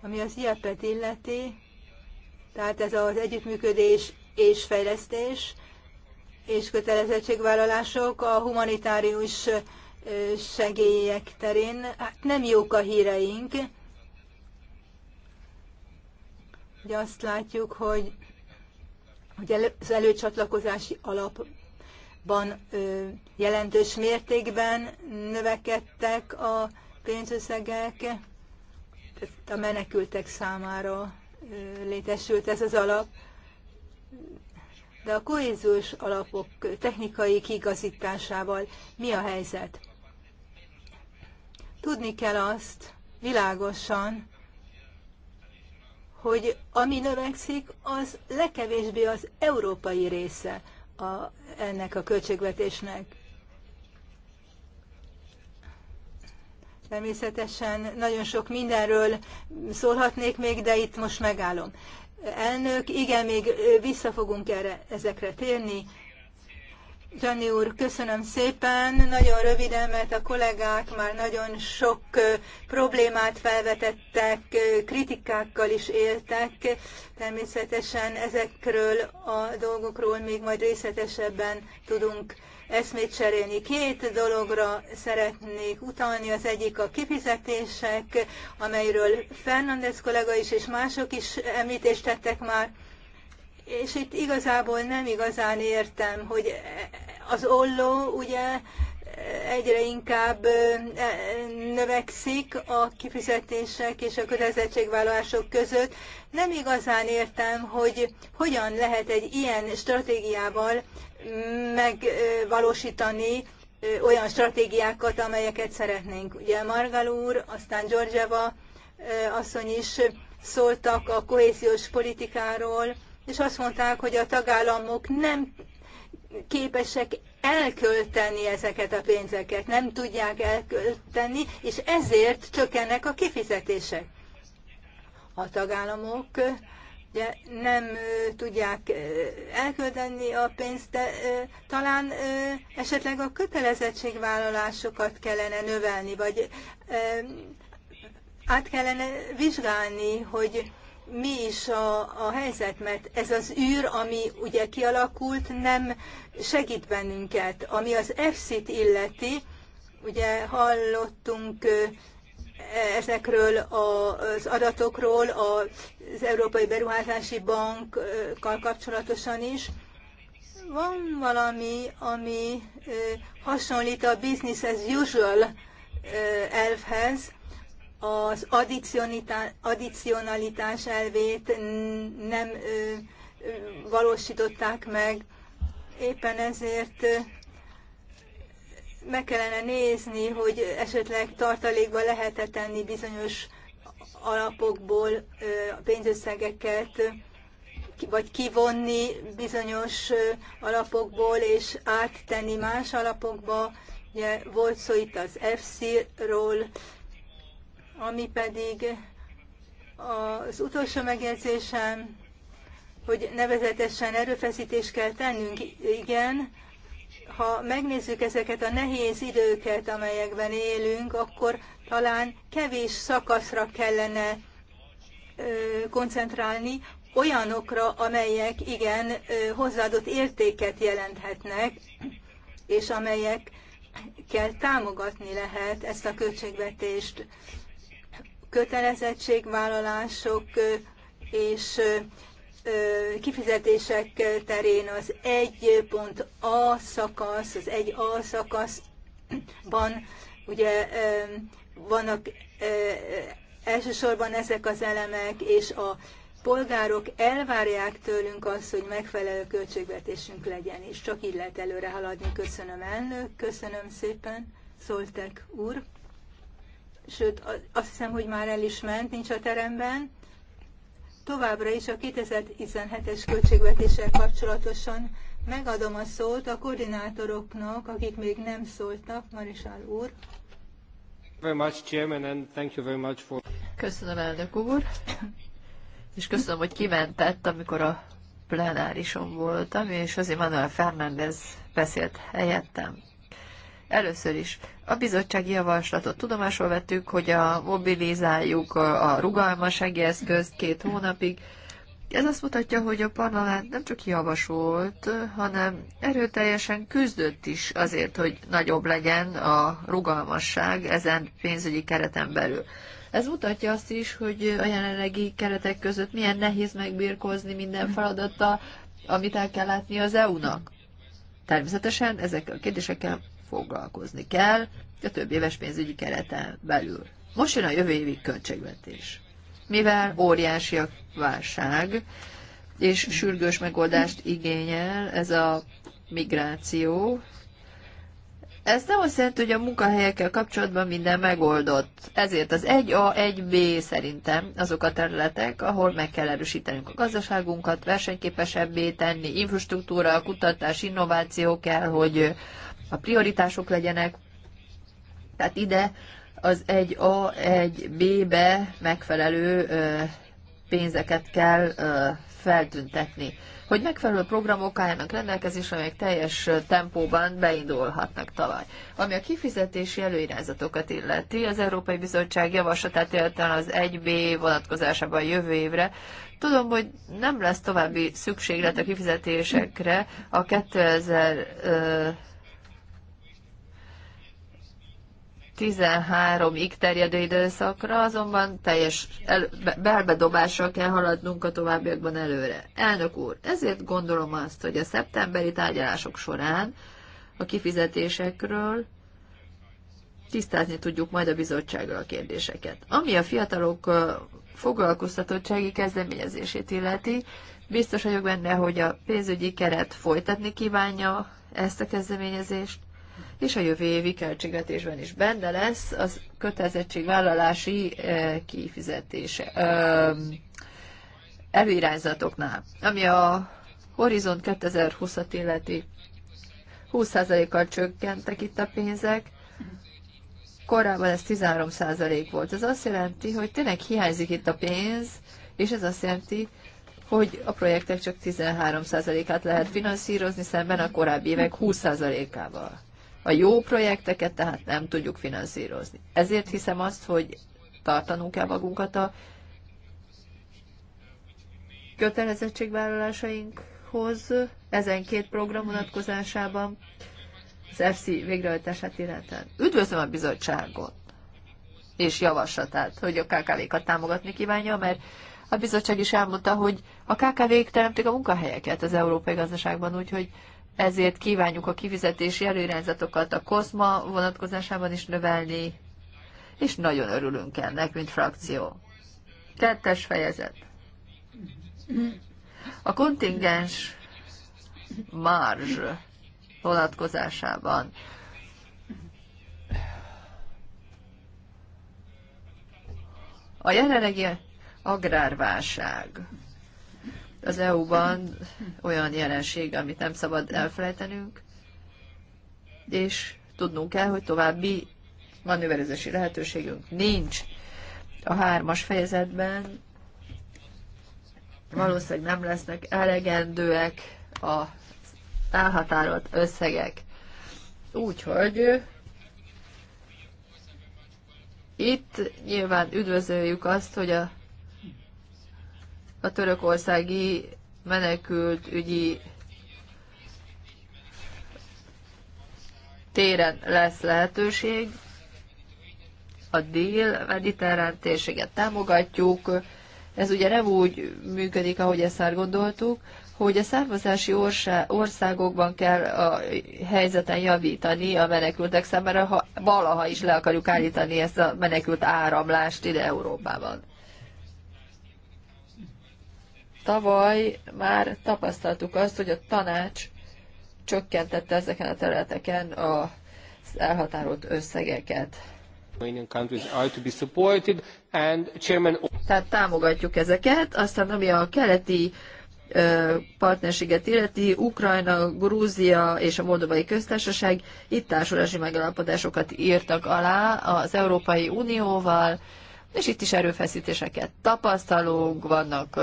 Ami az IAP-et illeti, tehát ez az együttműködés és fejlesztés, és kötelezettségvállalások a humanitárius segélyek terén. Hát nem jók a híreink, Ugye azt látjuk, hogy, hogy az előcsatlakozási alapban jelentős mértékben növekedtek a pénzösszegek, a menekültek számára létesült ez az alap, de a kohéziós alapok technikai kigazításával mi a helyzet? Tudni kell azt világosan, hogy ami növekszik, az legkevésbé az európai része a, ennek a költségvetésnek. Természetesen nagyon sok mindenről szólhatnék még, de itt most megállom. Elnök, igen, még vissza fogunk erre, ezekre térni. Tani úr, köszönöm szépen. Nagyon röviden, mert a kollégák már nagyon sok problémát felvetettek, kritikákkal is éltek. Természetesen ezekről a dolgokról még majd részletesebben tudunk eszmét cserélni. Két dologra szeretnék utalni. Az egyik a kifizetések, amelyről Fernandez kollega is és mások is említést tettek már és itt igazából nem igazán értem, hogy az olló ugye egyre inkább növekszik a kifizetések és a kötelezettségvállalások között. Nem igazán értem, hogy hogyan lehet egy ilyen stratégiával megvalósítani olyan stratégiákat, amelyeket szeretnénk. Ugye Margal úr, aztán Georgieva asszony is szóltak a kohéziós politikáról, és azt mondták, hogy a tagállamok nem képesek elkölteni ezeket a pénzeket, nem tudják elkölteni, és ezért csökkennek a kifizetések. A tagállamok ugye nem tudják elkölteni a pénzt, de talán esetleg a kötelezettségvállalásokat kellene növelni, vagy át kellene vizsgálni, hogy mi is a, a helyzet, mert ez az űr, ami ugye kialakult, nem segít bennünket. Ami az EFSZ-t illeti, ugye hallottunk ezekről az adatokról az Európai Beruházási Bankkal kapcsolatosan is. Van valami, ami hasonlít a business as usual elvhez, az addicionalitás elvét nem valósították meg. Éppen ezért meg kellene nézni, hogy esetleg tartalékba lehet-e tenni bizonyos alapokból pénzösszegeket, vagy kivonni bizonyos alapokból, és áttenni más alapokba. Ugye volt szó itt az EFSI-ról, ami pedig az utolsó megjegyzésem, hogy nevezetesen erőfeszítést kell tennünk, igen, ha megnézzük ezeket a nehéz időket, amelyekben élünk, akkor talán kevés szakaszra kellene ö, koncentrálni, olyanokra, amelyek igen ö, hozzáadott értéket jelenthetnek, és amelyek kell támogatni lehet ezt a költségvetést kötelezettségvállalások és kifizetések terén az 1.A szakasz, az 1A szakaszban ugye vannak elsősorban ezek az elemek, és a polgárok elvárják tőlünk azt, hogy megfelelő költségvetésünk legyen, és csak így lehet előre haladni. Köszönöm elnök, köszönöm szépen, Szoltek úr sőt azt hiszem, hogy már el is ment, nincs a teremben. Továbbra is a 2017-es költségvetéssel kapcsolatosan megadom a szót a koordinátoroknak, akik még nem szóltak, Marisál úr. Köszönöm, elnök úr, és köszönöm, hogy kimentett, amikor a plenárison voltam, és azért Manuel Fernández beszélt helyettem. Először is a bizottsági javaslatot tudomásul vettük, hogy a mobilizáljuk a rugalmasági eszközt két hónapig. Ez azt mutatja, hogy a parlament nem csak javasolt, hanem erőteljesen küzdött is azért, hogy nagyobb legyen a rugalmasság ezen pénzügyi kereten belül. Ez mutatja azt is, hogy a jelenlegi keretek között milyen nehéz megbírkozni minden feladattal, amit el kell látni az EU-nak. Természetesen ezekkel a kérdésekkel foglalkozni kell a több éves pénzügyi kereten belül. Most jön a jövő évi költségvetés. Mivel óriási a válság, és sürgős megoldást igényel ez a migráció, ez nem azt jelenti, hogy a munkahelyekkel kapcsolatban minden megoldott. Ezért az 1A, 1B szerintem azok a területek, ahol meg kell erősítenünk a gazdaságunkat, versenyképesebbé tenni, infrastruktúra, kutatás, innováció kell, hogy a prioritások legyenek. Tehát ide az egy a egy 1B-be megfelelő pénzeket kell feltüntetni, hogy megfelelő programok álljanak rendelkezésre, amelyek teljes tempóban beindulhatnak tavaly. Ami a kifizetési előirányzatokat illeti, az Európai Bizottság javaslatát illetve az 1B vonatkozásában a jövő évre. Tudom, hogy nem lesz további szükséglet a kifizetésekre a 2000 2013-ig terjedő időszakra, azonban teljes el, belbedobással kell haladnunk a továbbiakban előre. Elnök úr, ezért gondolom azt, hogy a szeptemberi tárgyalások során a kifizetésekről tisztázni tudjuk majd a bizottsággal a kérdéseket. Ami a fiatalok foglalkoztatottsági kezdeményezését illeti, biztos vagyok benne, hogy a pénzügyi keret folytatni kívánja ezt a kezdeményezést, és a jövő évi költségvetésben is benne lesz az kötelezettségvállalási eh, kifizetése előirányzatoknál, ami a Horizont 2020-at illeti 20%-kal csökkentek itt a pénzek, korábban ez 13% volt. Ez azt jelenti, hogy tényleg hiányzik itt a pénz, és ez azt jelenti, hogy a projektek csak 13%-át lehet finanszírozni, szemben a korábbi évek 20%-ával a jó projekteket tehát nem tudjuk finanszírozni. Ezért hiszem azt, hogy tartanunk kell magunkat a kötelezettségvállalásainkhoz ezen két program vonatkozásában az FC végrehajtását illetően. Üdvözlöm a bizottságot és javaslatát, hogy a KKV-kat támogatni kívánja, mert a bizottság is elmondta, hogy a KKV-k teremtik a munkahelyeket az európai gazdaságban, úgyhogy ezért kívánjuk a kifizetési előirányzatokat a COSMA vonatkozásában is növelni, és nagyon örülünk ennek, mint frakció. Kettes fejezet. A kontingens marzs vonatkozásában a jelenlegi agrárválság az EU-ban olyan jelenség, amit nem szabad elfelejtenünk, és tudnunk kell, hogy további manőverezési lehetőségünk nincs. A hármas fejezetben valószínűleg nem lesznek elegendőek a elhatárolt összegek. Úgyhogy itt nyilván üdvözöljük azt, hogy a a törökországi menekült ügyi téren lesz lehetőség. A dél-mediterrán térséget támogatjuk. Ez ugye nem úgy működik, ahogy ezt már gondoltuk, hogy a származási országokban kell a helyzeten javítani a menekültek számára, ha valaha is le akarjuk állítani ezt a menekült áramlást ide Európában. Tavaly már tapasztaltuk azt, hogy a tanács csökkentette ezeken a területeken a elhatárolt összegeket. Tehát támogatjuk ezeket, aztán ami a keleti partnerséget illeti, Ukrajna, Grúzia és a Moldovai Köztársaság itt társulási megállapodásokat írtak alá az Európai Unióval, és itt is erőfeszítéseket tapasztalunk, vannak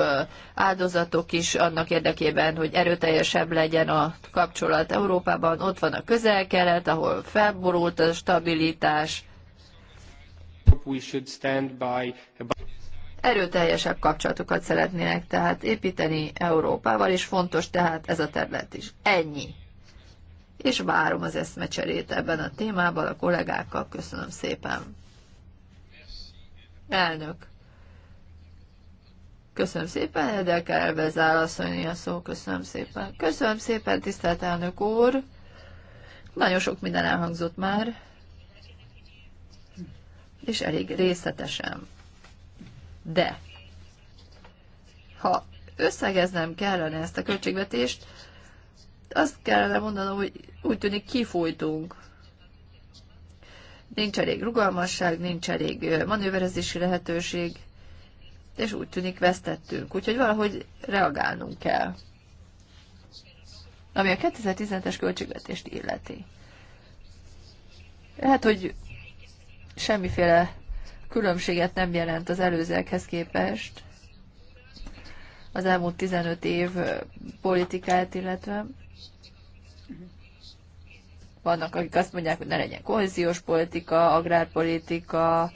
áldozatok is annak érdekében, hogy erőteljesebb legyen a kapcsolat Európában. Ott van a közel-kelet, ahol felborult a stabilitás. Erőteljesebb kapcsolatokat szeretnének tehát építeni Európával, és fontos tehát ez a terület is. Ennyi. És várom az eszmecserét ebben a témában a kollégákkal. Köszönöm szépen. Elnök. Köszönöm szépen, de Elvezár asszonyi a szó, köszönöm szépen. Köszönöm szépen, tisztelt elnök úr. Nagyon sok minden elhangzott már, és elég részletesen. De, ha összegeznem kellene ezt a költségvetést, azt kellene mondanom, hogy úgy tűnik kifújtunk nincs elég rugalmasság, nincs elég manőverezési lehetőség, és úgy tűnik vesztettünk. Úgyhogy valahogy reagálnunk kell. Ami a 2010 es költségvetést illeti. Lehet, hogy semmiféle különbséget nem jelent az előzőekhez képest, az elmúlt 15 év politikát illetve. Vannak, akik azt mondják, hogy ne legyen kohéziós politika, agrárpolitika.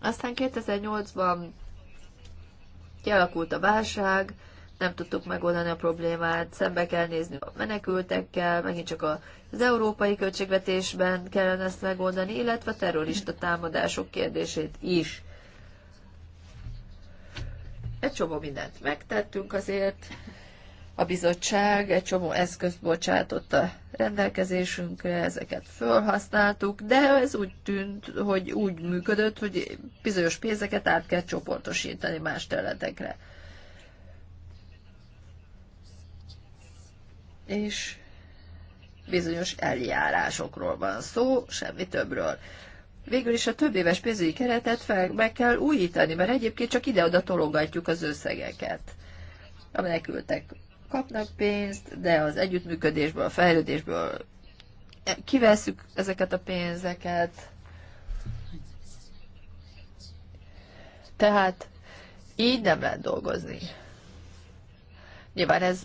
Aztán 2008-ban kialakult a válság, nem tudtuk megoldani a problémát, szembe kell nézni a menekültekkel, megint csak az európai költségvetésben kellene ezt megoldani, illetve a terrorista támadások kérdését is. Egy csomó mindent megtettünk azért, a bizottság egy csomó eszközt bocsátott a rendelkezésünkre, ezeket felhasználtuk, de ez úgy tűnt, hogy úgy működött, hogy bizonyos pénzeket át kell csoportosítani más területekre. És bizonyos eljárásokról van szó, semmi többről. Végül is a több éves pénzügyi keretet fel, meg kell újítani, mert egyébként csak ide-oda tologatjuk az összegeket a menekültek kapnak pénzt, de az együttműködésből, a fejlődésből kiveszük ezeket a pénzeket. Tehát így nem lehet dolgozni. Nyilván ez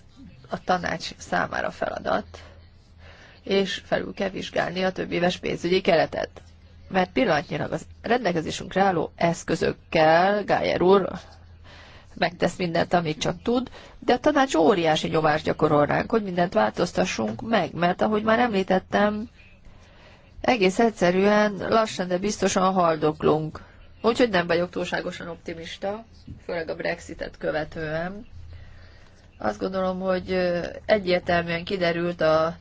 a tanács számára feladat, és felül kell vizsgálni a több éves pénzügyi keretet. Mert pillanatnyilag az rendelkezésünkre álló eszközökkel, Gájer úr megtesz mindent, amit csak tud, de a tanács óriási nyomást gyakorol ránk, hogy mindent változtassunk meg, mert ahogy már említettem, egész egyszerűen lassan, de biztosan haldoklunk. Úgyhogy nem vagyok túlságosan optimista, főleg a Brexitet követően. Azt gondolom, hogy egyértelműen kiderült a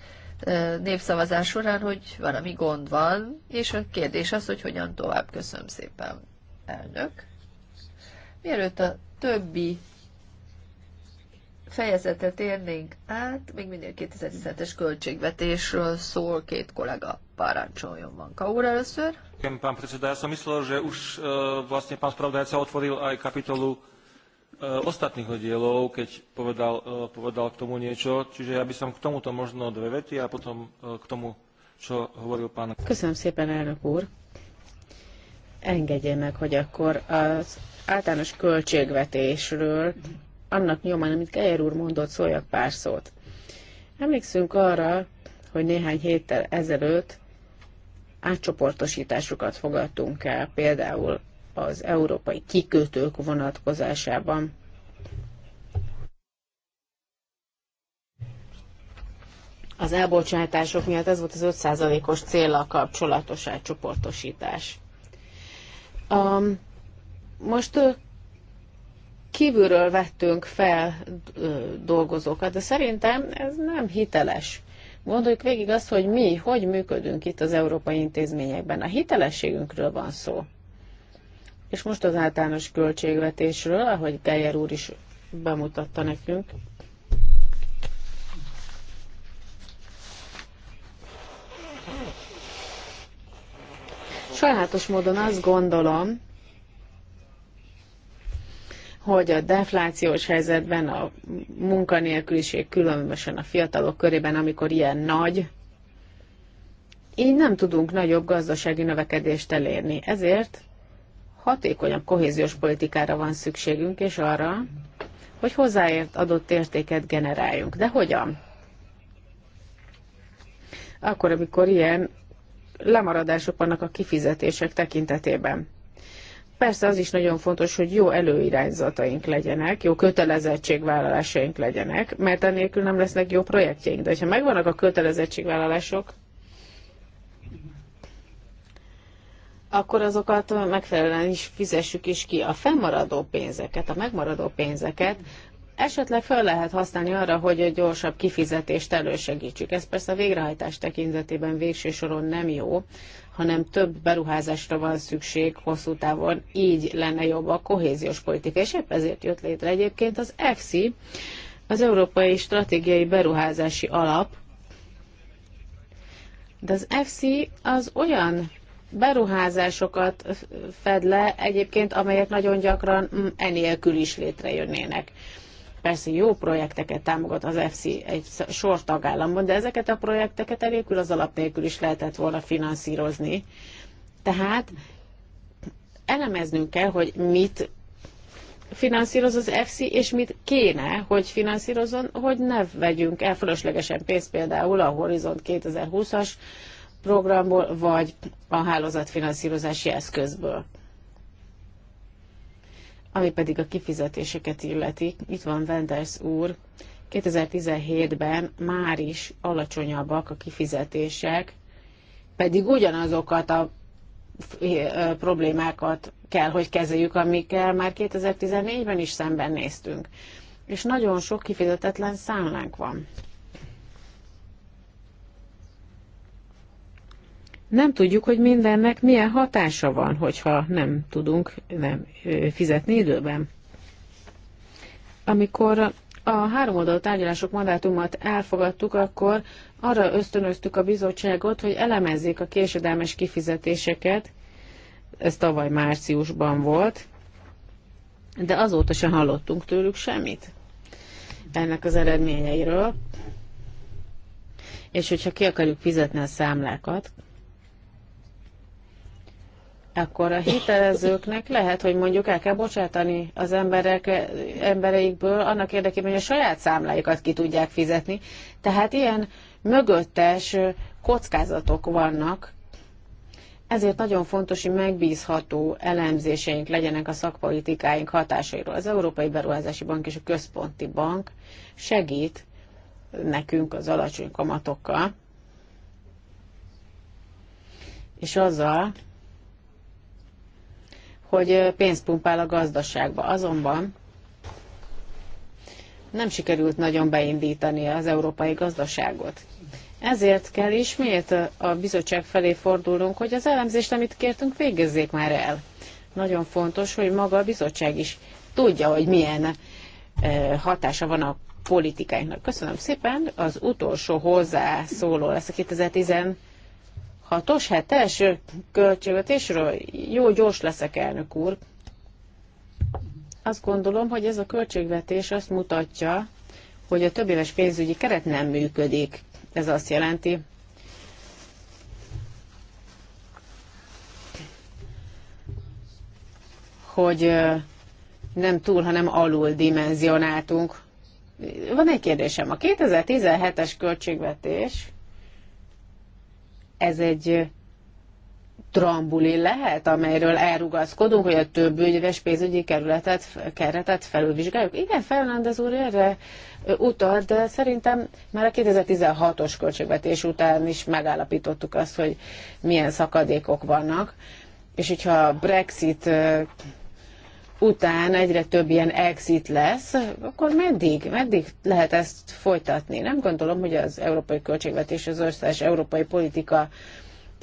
népszavazás során, hogy valami gond van, és a kérdés az, hogy hogyan tovább. Köszönöm szépen, elnök. Mielőtt a többi fejezetet érnénk át, még mindig 2017-es költségvetésről szól két kollega. Parancsoljon van. Kaur először. Igen, pán prezident. ja som myslel, že už e, vlastne pán spravodajca otvoril aj kapitolu uh, ostatných oddielov, keď povedal, e, povedal k tomu niečo. Čiže ja by som k tomuto možno dve vety a potom k tomu, čo hovoril pán... Köszönöm szépen, elnök úr. Engedje meg, hogy akkor az általános költségvetésről, annak nyomán, amit Geyer úr mondott, szóljak pár szót. Emlékszünk arra, hogy néhány héttel ezelőtt átcsoportosításokat fogadtunk el, például az európai kikötők vonatkozásában. Az elbocsátások miatt ez volt az 5%-os célra kapcsolatos átcsoportosítás. A most kívülről vettünk fel dolgozókat, de szerintem ez nem hiteles. Gondoljuk végig azt, hogy mi, hogy működünk itt az európai intézményekben. A hitelességünkről van szó. És most az általános költségvetésről, ahogy Geyer úr is bemutatta nekünk. Sajnálatos módon azt gondolom, hogy a deflációs helyzetben a munkanélküliség különösen a fiatalok körében, amikor ilyen nagy, így nem tudunk nagyobb gazdasági növekedést elérni. Ezért hatékonyabb kohéziós politikára van szükségünk, és arra, hogy hozzáért adott értéket generáljunk. De hogyan? Akkor, amikor ilyen lemaradások vannak a kifizetések tekintetében. Persze az is nagyon fontos, hogy jó előirányzataink legyenek, jó kötelezettségvállalásaink legyenek, mert enélkül nem lesznek jó projektjeink. De ha megvannak a kötelezettségvállalások, akkor azokat megfelelően is fizessük is ki. A fennmaradó pénzeket, a megmaradó pénzeket esetleg fel lehet használni arra, hogy egy gyorsabb kifizetést elősegítsük. Ez persze a végrehajtás tekintetében végső soron nem jó, hanem több beruházásra van szükség hosszú távon, így lenne jobb a kohéziós politika, és épp ezért jött létre egyébként az EFSI, az Európai Stratégiai Beruházási Alap, de az EFSI az olyan beruházásokat fed le egyébként, amelyek nagyon gyakran enélkül is létrejönnének persze jó projekteket támogat az FC egy sor tagállamban, de ezeket a projekteket elégül az alap nélkül is lehetett volna finanszírozni. Tehát elemeznünk kell, hogy mit finanszíroz az FC, és mit kéne, hogy finanszírozon, hogy ne vegyünk el fölöslegesen pénzt például a Horizont 2020-as programból, vagy a hálózatfinanszírozási eszközből. Ami pedig a kifizetéseket illeti, itt van Wenders úr, 2017-ben már is alacsonyabbak a kifizetések, pedig ugyanazokat a eh, eh, problémákat kell, hogy kezeljük, amikkel már 2014-ben is szemben néztünk. És nagyon sok kifizetetlen számlánk van. nem tudjuk, hogy mindennek milyen hatása van, hogyha nem tudunk nem fizetni időben. Amikor a háromoldalú tárgyalások mandátumát elfogadtuk, akkor arra ösztönöztük a bizottságot, hogy elemezzék a késedelmes kifizetéseket. Ez tavaly márciusban volt, de azóta sem hallottunk tőlük semmit ennek az eredményeiről. És hogyha ki akarjuk fizetni a számlákat, akkor a hitelezőknek lehet, hogy mondjuk el kell bocsátani az emberek, embereikből annak érdekében, hogy a saját számláikat ki tudják fizetni. Tehát ilyen mögöttes kockázatok vannak, ezért nagyon fontos, hogy megbízható elemzéseink legyenek a szakpolitikáink hatásairól. Az Európai Beruházási Bank és a Központi Bank segít nekünk az alacsony kamatokkal, és azzal, hogy pénzt pumpál a gazdaságba. Azonban nem sikerült nagyon beindítani az európai gazdaságot. Ezért kell ismét a bizottság felé fordulnunk, hogy az elemzést, amit kértünk, végezzék már el. Nagyon fontos, hogy maga a bizottság is tudja, hogy milyen hatása van a politikáinknak. Köszönöm szépen. Az utolsó hozzászóló lesz a 2010 hatos, hetes költségvetésről? Jó, gyors leszek, elnök úr. Azt gondolom, hogy ez a költségvetés azt mutatja, hogy a többéves pénzügyi keret nem működik. Ez azt jelenti, hogy nem túl, hanem alul dimenzionáltunk. Van egy kérdésem. A 2017-es költségvetés ez egy trambulin lehet, amelyről elrugaszkodunk, hogy a több ügyves pénzügyi kerületet, keretet felülvizsgáljuk. Igen, Fernández úr erre utal, de szerintem már a 2016-os költségvetés után is megállapítottuk azt, hogy milyen szakadékok vannak. És hogyha Brexit után egyre több ilyen exit lesz, akkor meddig, meddig lehet ezt folytatni? Nem gondolom, hogy az európai költségvetés az összes európai politika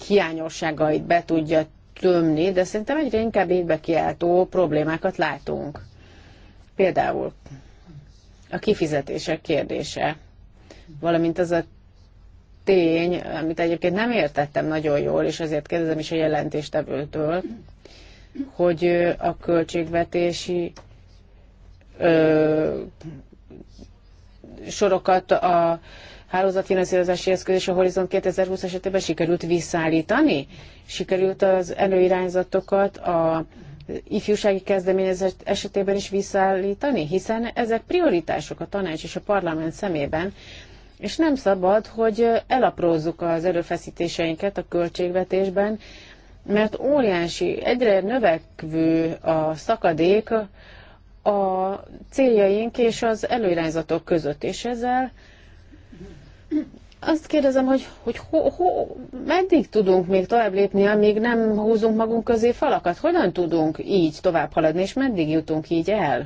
hiányosságait be tudja tömni, de szerintem egyre inkább így kiáltó problémákat látunk. Például a kifizetések kérdése, valamint az a tény, amit egyébként nem értettem nagyon jól, és ezért kérdezem is a jelentéstevőtől, hogy a költségvetési ö, sorokat a hálózatfinanszírozási eszköz és a Horizont 2020 esetében sikerült visszaállítani? Sikerült az előirányzatokat a ifjúsági kezdeményezés esetében is visszaállítani, hiszen ezek prioritások a tanács és a parlament szemében, és nem szabad, hogy elaprózzuk az erőfeszítéseinket a költségvetésben, mert óriási, egyre növekvő a szakadék a céljaink és az előirányzatok között, és ezzel azt kérdezem, hogy, hogy ho, ho, meddig tudunk még tovább lépni, amíg nem húzunk magunk közé falakat? Hogyan tudunk így tovább haladni, és meddig jutunk így el?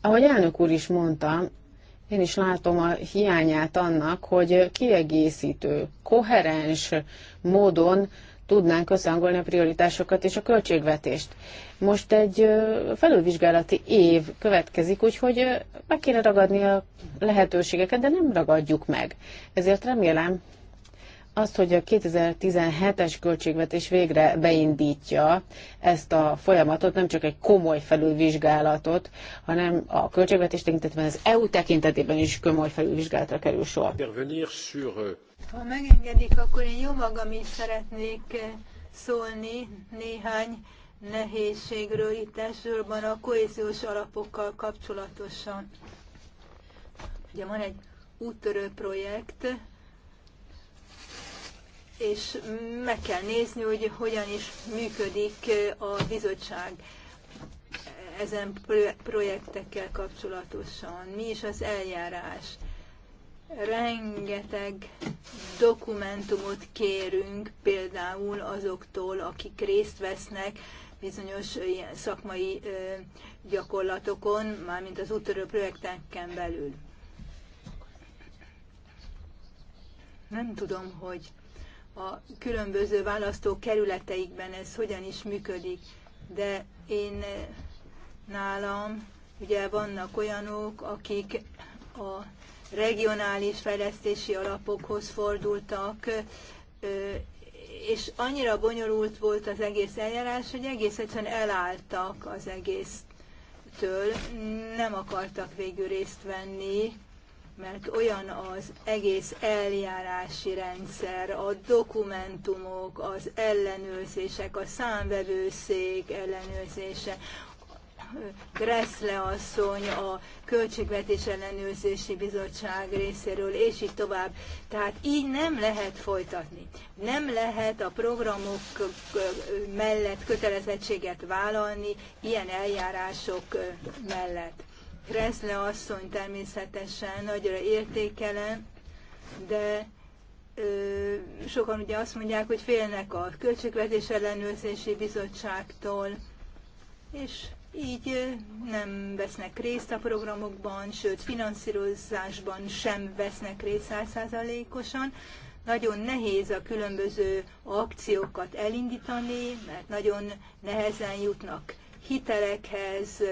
Ahogy elnök úr is mondta, én is látom a hiányát annak, hogy kiegészítő, koherens módon tudnánk összehangolni a prioritásokat és a költségvetést. Most egy felülvizsgálati év következik, úgyhogy meg kéne ragadni a lehetőségeket, de nem ragadjuk meg. Ezért remélem, azt, hogy a 2017-es költségvetés végre beindítja ezt a folyamatot, nem csak egy komoly felülvizsgálatot, hanem a költségvetés tekintetében az EU tekintetében is komoly felülvizsgálatra kerül sor. Euh, ha megengedik, akkor én jó magam is szeretnék eh, szólni néhány nehézségről itt elsősorban a kohéziós alapokkal kapcsolatosan. Ugye van egy úttörő projekt, és meg kell nézni, hogy hogyan is működik a bizottság ezen projektekkel kapcsolatosan. Mi is az eljárás? Rengeteg dokumentumot kérünk például azoktól, akik részt vesznek bizonyos ilyen szakmai gyakorlatokon, mármint az úttörő projekteken belül. Nem tudom, hogy a különböző választókerületeikben ez hogyan is működik, de én eh, nálam ugye vannak olyanok, akik a regionális fejlesztési alapokhoz fordultak, eh, és annyira bonyolult volt az egész eljárás, hogy egész egyszerűen elálltak az egésztől, nem akartak végül részt venni mert olyan az egész eljárási rendszer, a dokumentumok, az ellenőrzések, a számvevőszék ellenőrzése, Gressle asszony a Költségvetés Ellenőrzési Bizottság részéről, és így tovább. Tehát így nem lehet folytatni. Nem lehet a programok mellett kötelezettséget vállalni ilyen eljárások mellett. Kreszle asszony természetesen nagyra értékelem, de ö, sokan ugye azt mondják, hogy félnek a Költségvetés Ellenőrzési Bizottságtól, és így nem vesznek részt a programokban, sőt finanszírozásban sem vesznek részt százszázalékosan. Nagyon nehéz a különböző akciókat elindítani, mert nagyon nehezen jutnak hitelekhez,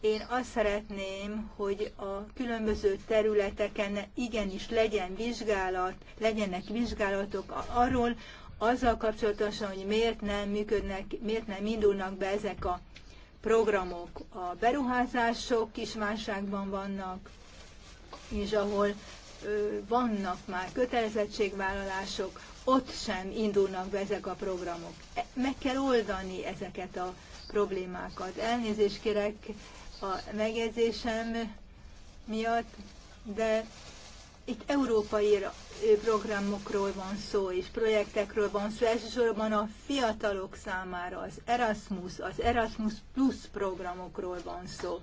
én azt szeretném, hogy a különböző területeken igenis legyen vizsgálat, legyenek vizsgálatok arról, azzal kapcsolatosan, hogy miért nem működnek, miért nem indulnak be ezek a programok. A beruházások is válságban vannak, és ahol vannak már kötelezettségvállalások, ott sem indulnak be ezek a programok. E, meg kell oldani ezeket a problémákat. Elnézést kérek, a megjegyzésem miatt, de itt európai programokról van szó, és projektekről van szó, elsősorban a fiatalok számára az Erasmus, az Erasmus Plus programokról van szó.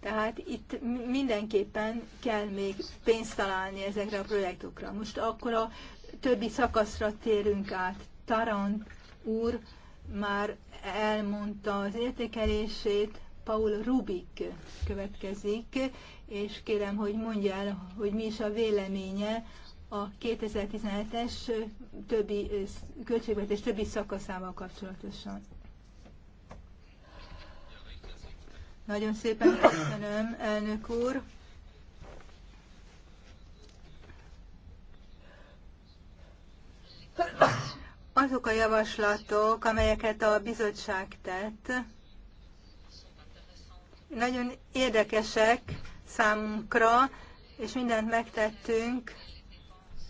Tehát itt mindenképpen kell még pénzt találni ezekre a projektokra. Most akkor a többi szakaszra térünk át. Tarant úr már elmondta az értékelését, Paul Rubik következik, és kérem, hogy mondja el, hogy mi is a véleménye a 2017-es többi költségvetés többi szakaszával kapcsolatosan. Nagyon szépen köszönöm, elnök úr! azok a javaslatok, amelyeket a bizottság tett, nagyon érdekesek számunkra, és mindent megtettünk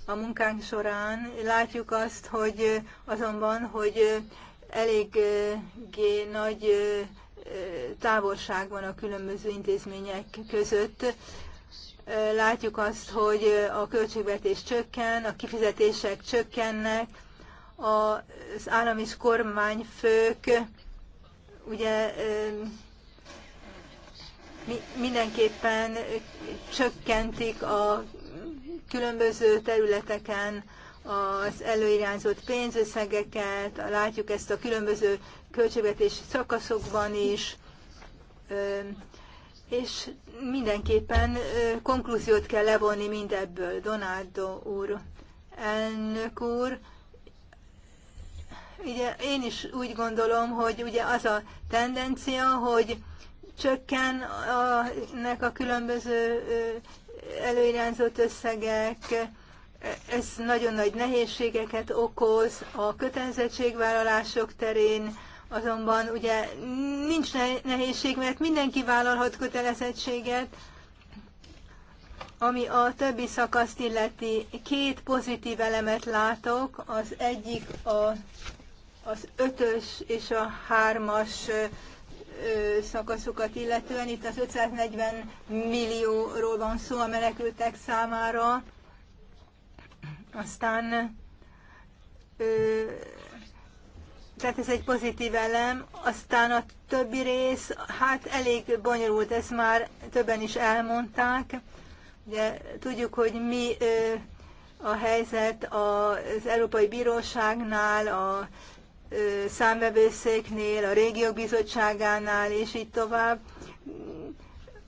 a munkánk során. Látjuk azt, hogy azonban, hogy eléggé nagy távolság van a különböző intézmények között. Látjuk azt, hogy a költségvetés csökken, a kifizetések csökkennek, az állam és kormányfők ugye mindenképpen csökkentik a különböző területeken az előirányzott pénzösszegeket, látjuk ezt a különböző költségvetési szakaszokban is, és mindenképpen konklúziót kell levonni mindebből. Donaldo úr, elnök úr, Ugye én is úgy gondolom, hogy ugye az a tendencia, hogy csökken a, nek a különböző előirányzott összegek, ez nagyon nagy nehézségeket okoz a kötelezettségvállalások terén, azonban ugye nincs nehézség, mert mindenki vállalhat kötelezettséget, ami a többi szakaszt illeti. Két pozitív elemet látok, az egyik a az ötös és a hármas szakaszokat illetően. Itt az 540 millióról van szó a menekültek számára. Aztán tehát ez egy pozitív elem, aztán a többi rész, hát elég bonyolult, ezt már többen is elmondták, de tudjuk, hogy mi a helyzet az Európai Bíróságnál, a számvevőszéknél, a régiók bizottságánál, és így tovább.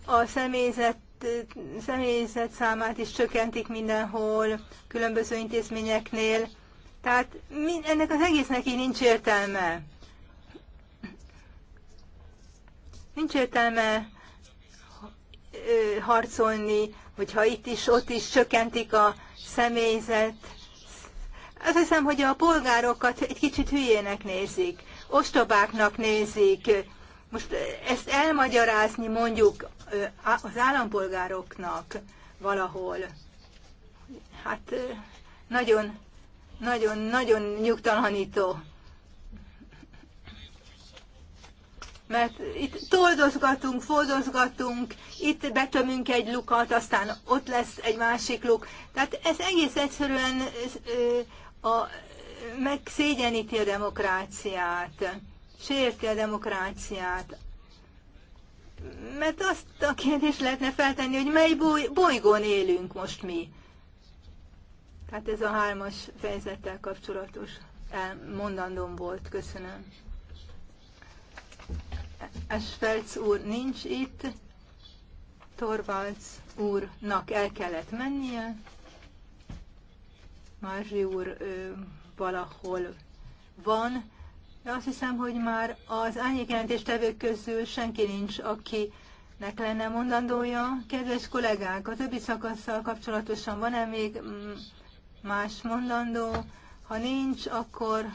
A személyzet személyzet számát is csökkentik mindenhol, különböző intézményeknél. Tehát ennek az egésznek így nincs értelme. Nincs értelme harcolni, hogyha itt is, ott is csökkentik a személyzet azt hiszem, hogy a polgárokat egy kicsit hülyének nézik, ostobáknak nézik. Most eh, ezt elmagyarázni mondjuk eh, az állampolgároknak valahol, hát eh, nagyon, nagyon, nagyon nyugtalanító. mert itt toldozgatunk, fordozgatunk, itt betömünk egy lukat, aztán ott lesz egy másik luk. Tehát ez egész egyszerűen a, megszégyeníti a demokráciát, sérti a demokráciát. Mert azt a kérdést lehetne feltenni, hogy mely bolygón élünk most mi. Hát ez a hármas fejezettel kapcsolatos mondandom volt. Köszönöm. Esfelc úr nincs itt, Torvalds úrnak el kellett mennie. Mázsi úr ő, valahol van, de azt hiszem, hogy már az tevők közül senki nincs, akinek lenne mondandója. Kedves kollégák, a többi szakaszsal kapcsolatosan van-e még mm, más mondandó? Ha nincs, akkor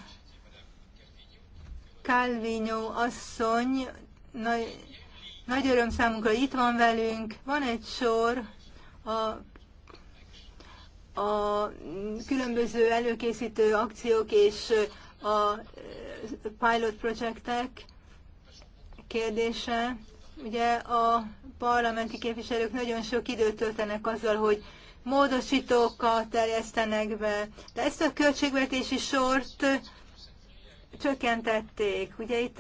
Calvino asszony, nagy, nagy öröm számunkra itt van velünk. Van egy sor a a különböző előkészítő akciók és a pilot projektek kérdése. Ugye a parlamenti képviselők nagyon sok időt töltenek azzal, hogy módosítókat terjesztenek be, de ezt a költségvetési sort csökkentették. Ugye itt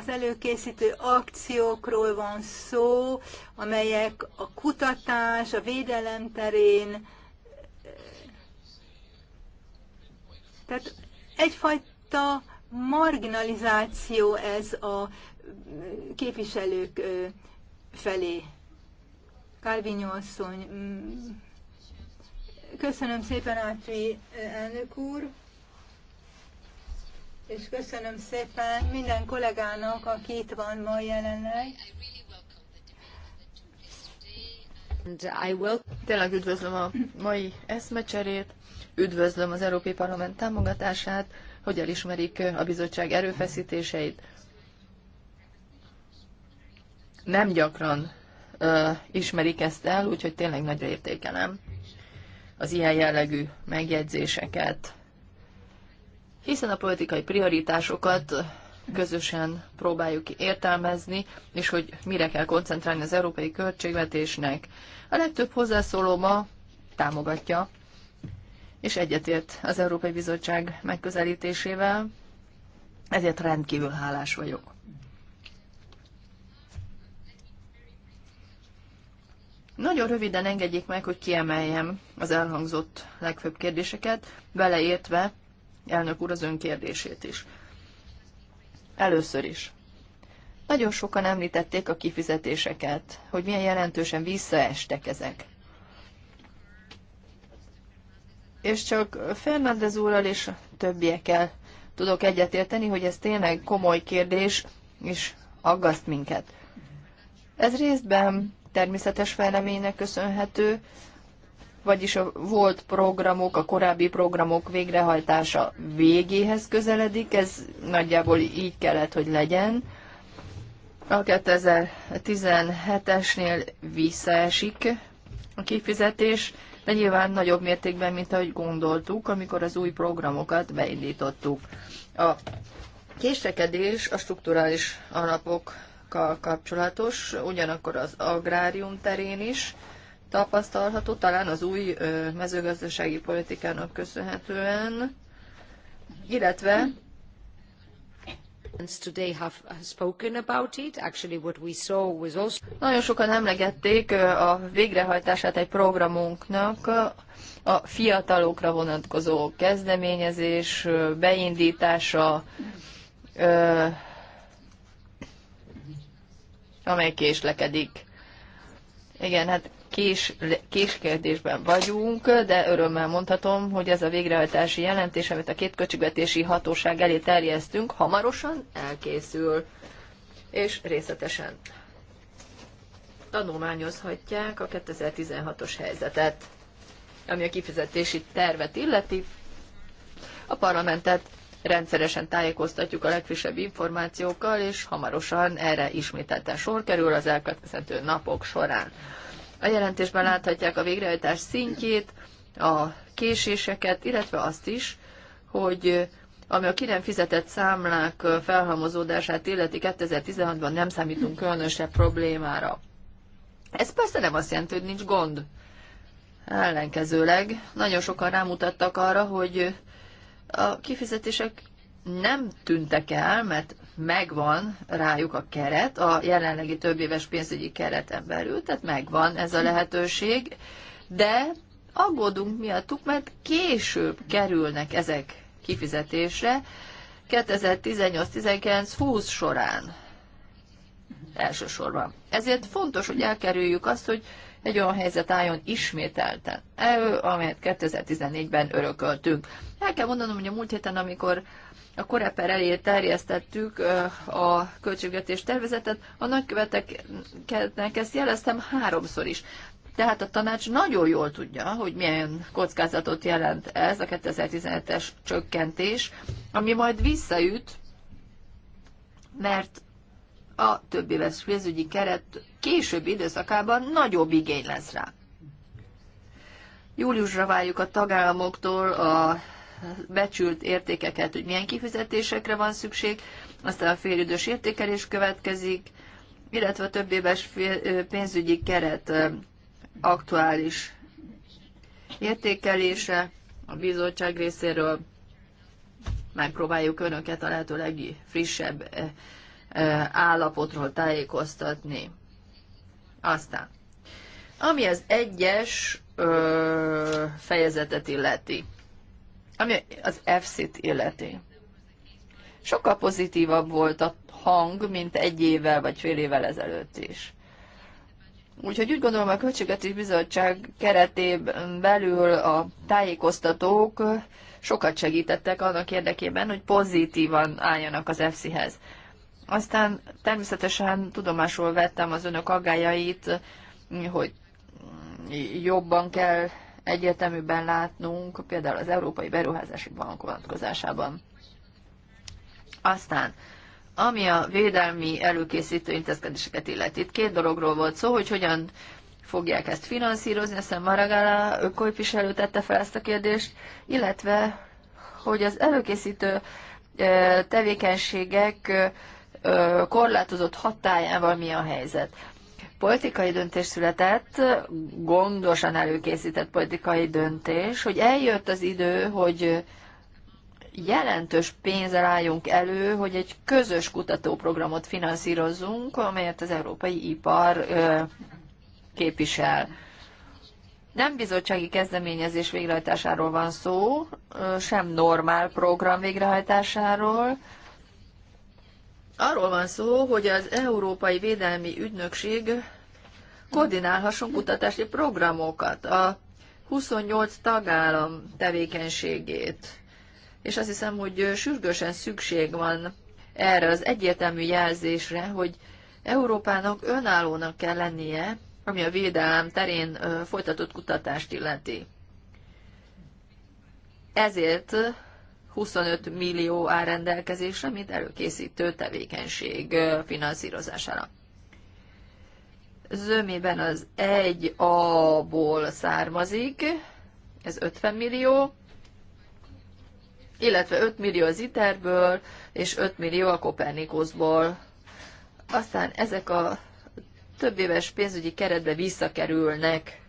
az előkészítő akciókról van szó, amelyek a kutatás, a védelem terén, Tehát egyfajta marginalizáció ez a képviselők felé. Calvino asszony, mm, köszönöm szépen Átri elnök úr, és köszönöm szépen minden kollégának, aki itt van ma jelenleg. Tényleg üdvözlöm a mai eszmecserét. Üdvözlöm az Európai Parlament támogatását, hogy elismerik a bizottság erőfeszítéseit. Nem gyakran uh, ismerik ezt el, úgyhogy tényleg nagyra értékelem az ilyen jellegű megjegyzéseket, hiszen a politikai prioritásokat közösen próbáljuk értelmezni, és hogy mire kell koncentrálni az európai költségvetésnek. A legtöbb hozzászóló ma támogatja és egyetért az Európai Bizottság megközelítésével, ezért rendkívül hálás vagyok. Nagyon röviden engedjék meg, hogy kiemeljem az elhangzott legfőbb kérdéseket, beleértve elnök úr az ön kérdését is. Először is. Nagyon sokan említették a kifizetéseket, hogy milyen jelentősen visszaestek ezek. és csak Fernández úrral és a többiekkel tudok egyetérteni, hogy ez tényleg komoly kérdés, és aggaszt minket. Ez részben természetes fejleménynek köszönhető, vagyis a volt programok, a korábbi programok végrehajtása végéhez közeledik, ez nagyjából így kellett, hogy legyen. A 2017-esnél visszaesik a kifizetés, de nyilván nagyobb mértékben, mint ahogy gondoltuk, amikor az új programokat beindítottuk. A késrekedés a strukturális alapokkal kapcsolatos, ugyanakkor az agrárium terén is tapasztalható, talán az új mezőgazdasági politikának köszönhetően, illetve nagyon sokan emlegették a végrehajtását egy programunknak, a fiatalokra vonatkozó kezdeményezés, beindítása, amely késlekedik. Igen, hát kés, késkérdésben vagyunk, de örömmel mondhatom, hogy ez a végrehajtási jelentés, amit a két költségvetési hatóság elé terjesztünk, hamarosan elkészül, és részletesen tanulmányozhatják a 2016-os helyzetet, ami a kifizetési tervet illeti. A parlamentet rendszeresen tájékoztatjuk a legfrissebb információkkal, és hamarosan erre ismételten sor kerül az elkövetkezendő napok során. A jelentésben láthatják a végrehajtás szintjét, a késéseket, illetve azt is, hogy ami a ki nem fizetett számlák felhalmozódását illeti 2016-ban nem számítunk különösebb problémára. Ez persze nem azt jelenti, hogy nincs gond. Ellenkezőleg nagyon sokan rámutattak arra, hogy a kifizetések nem tűntek el, mert megvan rájuk a keret, a jelenlegi több éves pénzügyi kereten belül, tehát megvan ez a lehetőség, de aggódunk miattuk, mert később kerülnek ezek kifizetésre 2018-19-20 során elsősorban. Ezért fontos, hogy elkerüljük azt, hogy egy olyan helyzet álljon ismételten amelyet 2014-ben örököltünk. El kell mondanom, hogy a múlt héten, amikor a koreper elé terjesztettük a költségvetés tervezetet, a nagyköveteknek ezt jeleztem háromszor is. Tehát a tanács nagyon jól tudja, hogy milyen kockázatot jelent ez a 2017-es csökkentés, ami majd visszaüt, mert a többi éves pénzügyi keret későbbi időszakában nagyobb igény lesz rá. Júliusra várjuk a tagállamoktól a becsült értékeket, hogy milyen kifizetésekre van szükség, aztán a félidős értékelés következik, illetve a több éves pénzügyi keret aktuális értékelése a bizottság részéről. Megpróbáljuk önöket a lehető legfrissebb állapotról tájékoztatni. Aztán, ami az egyes ö, fejezetet illeti ami az fc t illeti. Sokkal pozitívabb volt a hang, mint egy évvel vagy fél évvel ezelőtt is. Úgyhogy úgy gondolom a Költségvetés Bizottság keretében belül a tájékoztatók sokat segítettek annak érdekében, hogy pozitívan álljanak az EFSZ-hez. Aztán természetesen tudomásul vettem az önök aggájait, hogy jobban kell egyértelműben látnunk, például az Európai Beruházási Bank vonatkozásában. Aztán, ami a védelmi előkészítő intézkedéseket illeti, itt két dologról volt szó, hogy hogyan fogják ezt finanszírozni, aztán Maragala képviselő tette fel ezt a kérdést, illetve, hogy az előkészítő tevékenységek korlátozott hatájával mi a helyzet politikai döntés született, gondosan előkészített politikai döntés, hogy eljött az idő, hogy jelentős pénzzel álljunk elő, hogy egy közös kutatóprogramot finanszírozzunk, amelyet az európai ipar képvisel. Nem bizottsági kezdeményezés végrehajtásáról van szó, sem normál program végrehajtásáról, Arról van szó, hogy az Európai Védelmi Ügynökség koordinálhasson kutatási programokat, a 28 tagállam tevékenységét. És azt hiszem, hogy sürgősen szükség van erre az egyértelmű jelzésre, hogy Európának önállónak kell lennie, ami a védelem terén folytatott kutatást illeti. Ezért 25 millió áll rendelkezésre, mint előkészítő tevékenység finanszírozására. Zömében az 1A-ból származik, ez 50 millió, illetve 5 millió az ITER-ből, és 5 millió a Kopernikuszból. Aztán ezek a többéves pénzügyi keretbe visszakerülnek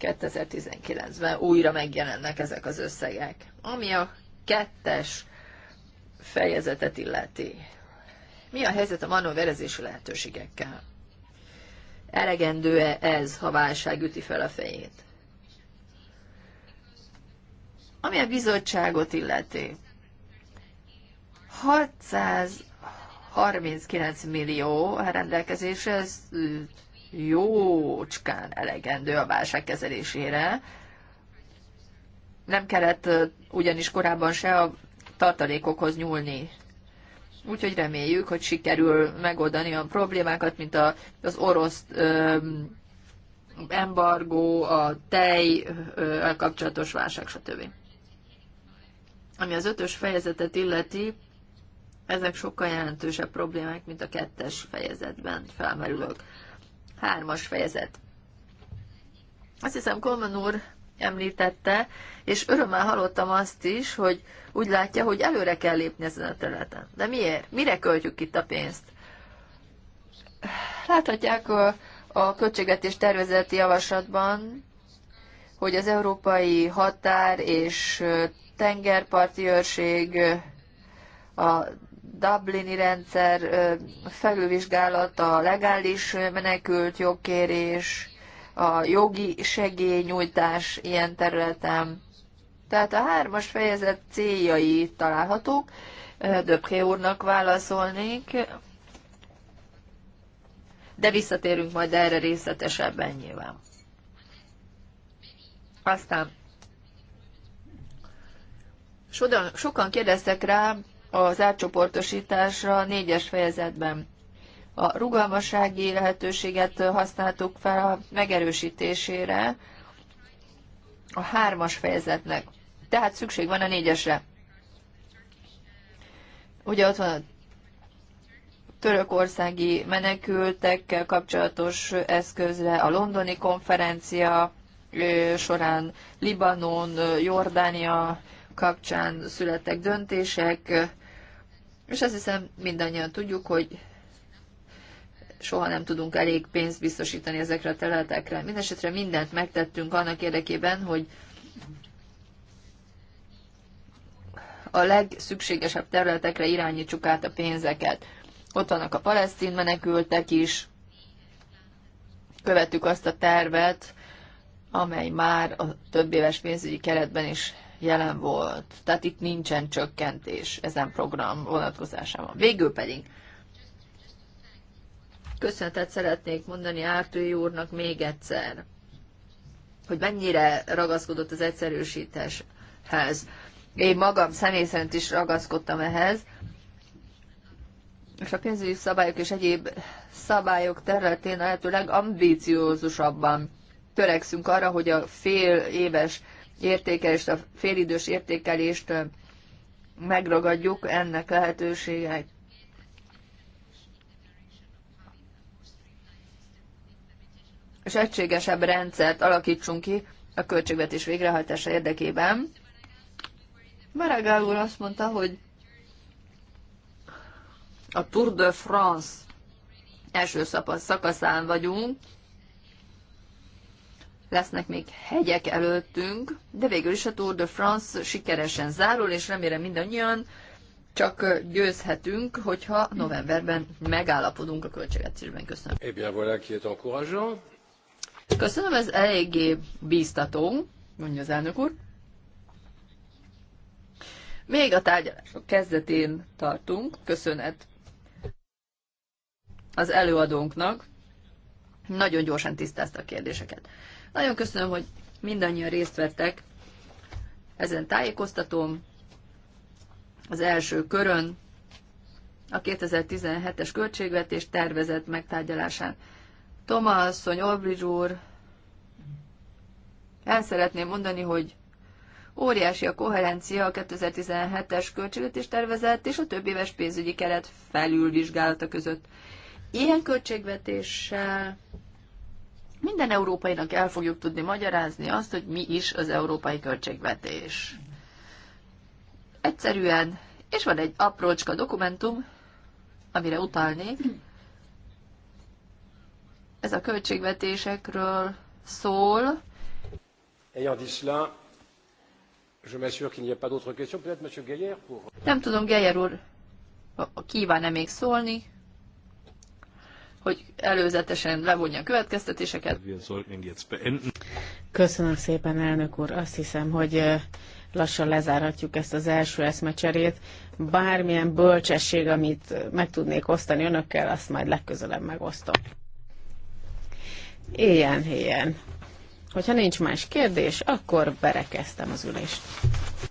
2019-ben újra megjelennek ezek az összegek. Ami a kettes fejezetet illeti. Mi a helyzet a manőverezési lehetőségekkel? Elegendő-e ez, ha válság üti fel a fejét? Ami a bizottságot illeti, 639 millió rendelkezésre, ez jócskán elegendő a válság kezelésére. Nem kellett ugyanis korábban se a tartalékokhoz nyúlni. Úgyhogy reméljük, hogy sikerül megoldani a problémákat, mint a, az orosz ö, embargó, a tej ö, kapcsolatos válság, stb. Ami az ötös fejezetet illeti, ezek sokkal jelentősebb problémák, mint a kettes fejezetben felmerülők. Hármas fejezet. Azt hiszem, Kolman úr említette, és örömmel hallottam azt is, hogy úgy látja, hogy előre kell lépni ezen a területen. De miért? Mire költjük itt a pénzt? Láthatják a, a költségvetés tervezeti javaslatban, hogy az európai határ és tengerparti őrség a Dublini rendszer felülvizsgálata, legális menekült jogkérés, a jogi segélynyújtás ilyen területen. Tehát a hármas fejezet céljai találhatók. Döbké úrnak válaszolnék, de visszatérünk majd erre részletesebben nyilván. Aztán sokan kérdeztek rá az átcsoportosításra négyes fejezetben. A rugalmassági lehetőséget használtuk fel a megerősítésére a hármas fejezetnek. Tehát szükség van a négyesre. Ugye ott van a törökországi menekültekkel kapcsolatos eszközre, a londoni konferencia során Libanon, Jordánia kapcsán születtek döntések, és azt hiszem, mindannyian tudjuk, hogy soha nem tudunk elég pénzt biztosítani ezekre a területekre. Mindenesetre mindent megtettünk annak érdekében, hogy a legszükségesebb területekre irányítsuk át a pénzeket. Ott vannak a palesztin menekültek is, követük azt a tervet, amely már a több éves pénzügyi keretben is jelen volt. Tehát itt nincsen csökkentés ezen program vonatkozásában. Végül pedig köszönetet szeretnék mondani Ártői úrnak még egyszer, hogy mennyire ragaszkodott az egyszerűsítéshez. Én magam személy szerint is ragaszkodtam ehhez, és a pénzügyi szabályok és egyéb szabályok területén a lehető legambíciózusabban törekszünk arra, hogy a fél éves értékelést, a félidős értékelést megragadjuk ennek lehetőségeit. És egységesebb rendszert alakítsunk ki a költségvetés végrehajtása érdekében. Maragall úr azt mondta, hogy a Tour de France első szakaszán vagyunk, lesznek még hegyek előttünk, de végül is a Tour de France sikeresen zárul, és remélem mindannyian csak győzhetünk, hogyha novemberben megállapodunk a költségvetésben. Köszönöm. Eh bien voilà qui est encourageant. Köszönöm, ez eléggé bíztató, mondja az elnök úr. Még a tárgyalások kezdetén tartunk. Köszönet az előadónknak. Nagyon gyorsan tisztázta a kérdéseket. Nagyon köszönöm, hogy mindannyian részt vettek ezen tájékoztatón, az első körön a 2017-es költségvetés tervezett megtárgyalásán. Thomas, Szony, Olbridge úr, el szeretném mondani, hogy óriási a koherencia a 2017-es költségvetés tervezett és a több éves pénzügyi keret felülvizsgálata között. Ilyen költségvetéssel minden európainak el fogjuk tudni magyarázni azt, hogy mi is az európai költségvetés. Egyszerűen, és van egy aprócska dokumentum, amire utalnék, ez a költségvetésekről szól. Ayant dit cela, je m'assure qu'il n'y a pas d'autres questions. Peut-être M. Gaillard pour... Nem tudom, Geyer úr kíván-e még szólni? hogy előzetesen levonja a következtetéseket. Köszönöm szépen, elnök úr. Azt hiszem, hogy lassan lezárhatjuk ezt az első eszmecserét. Bármilyen bölcsesség, amit meg tudnék osztani önökkel, azt majd legközelebb megosztom. Ilyen, ilyen. Hogyha nincs más kérdés, akkor berekeztem az ülést.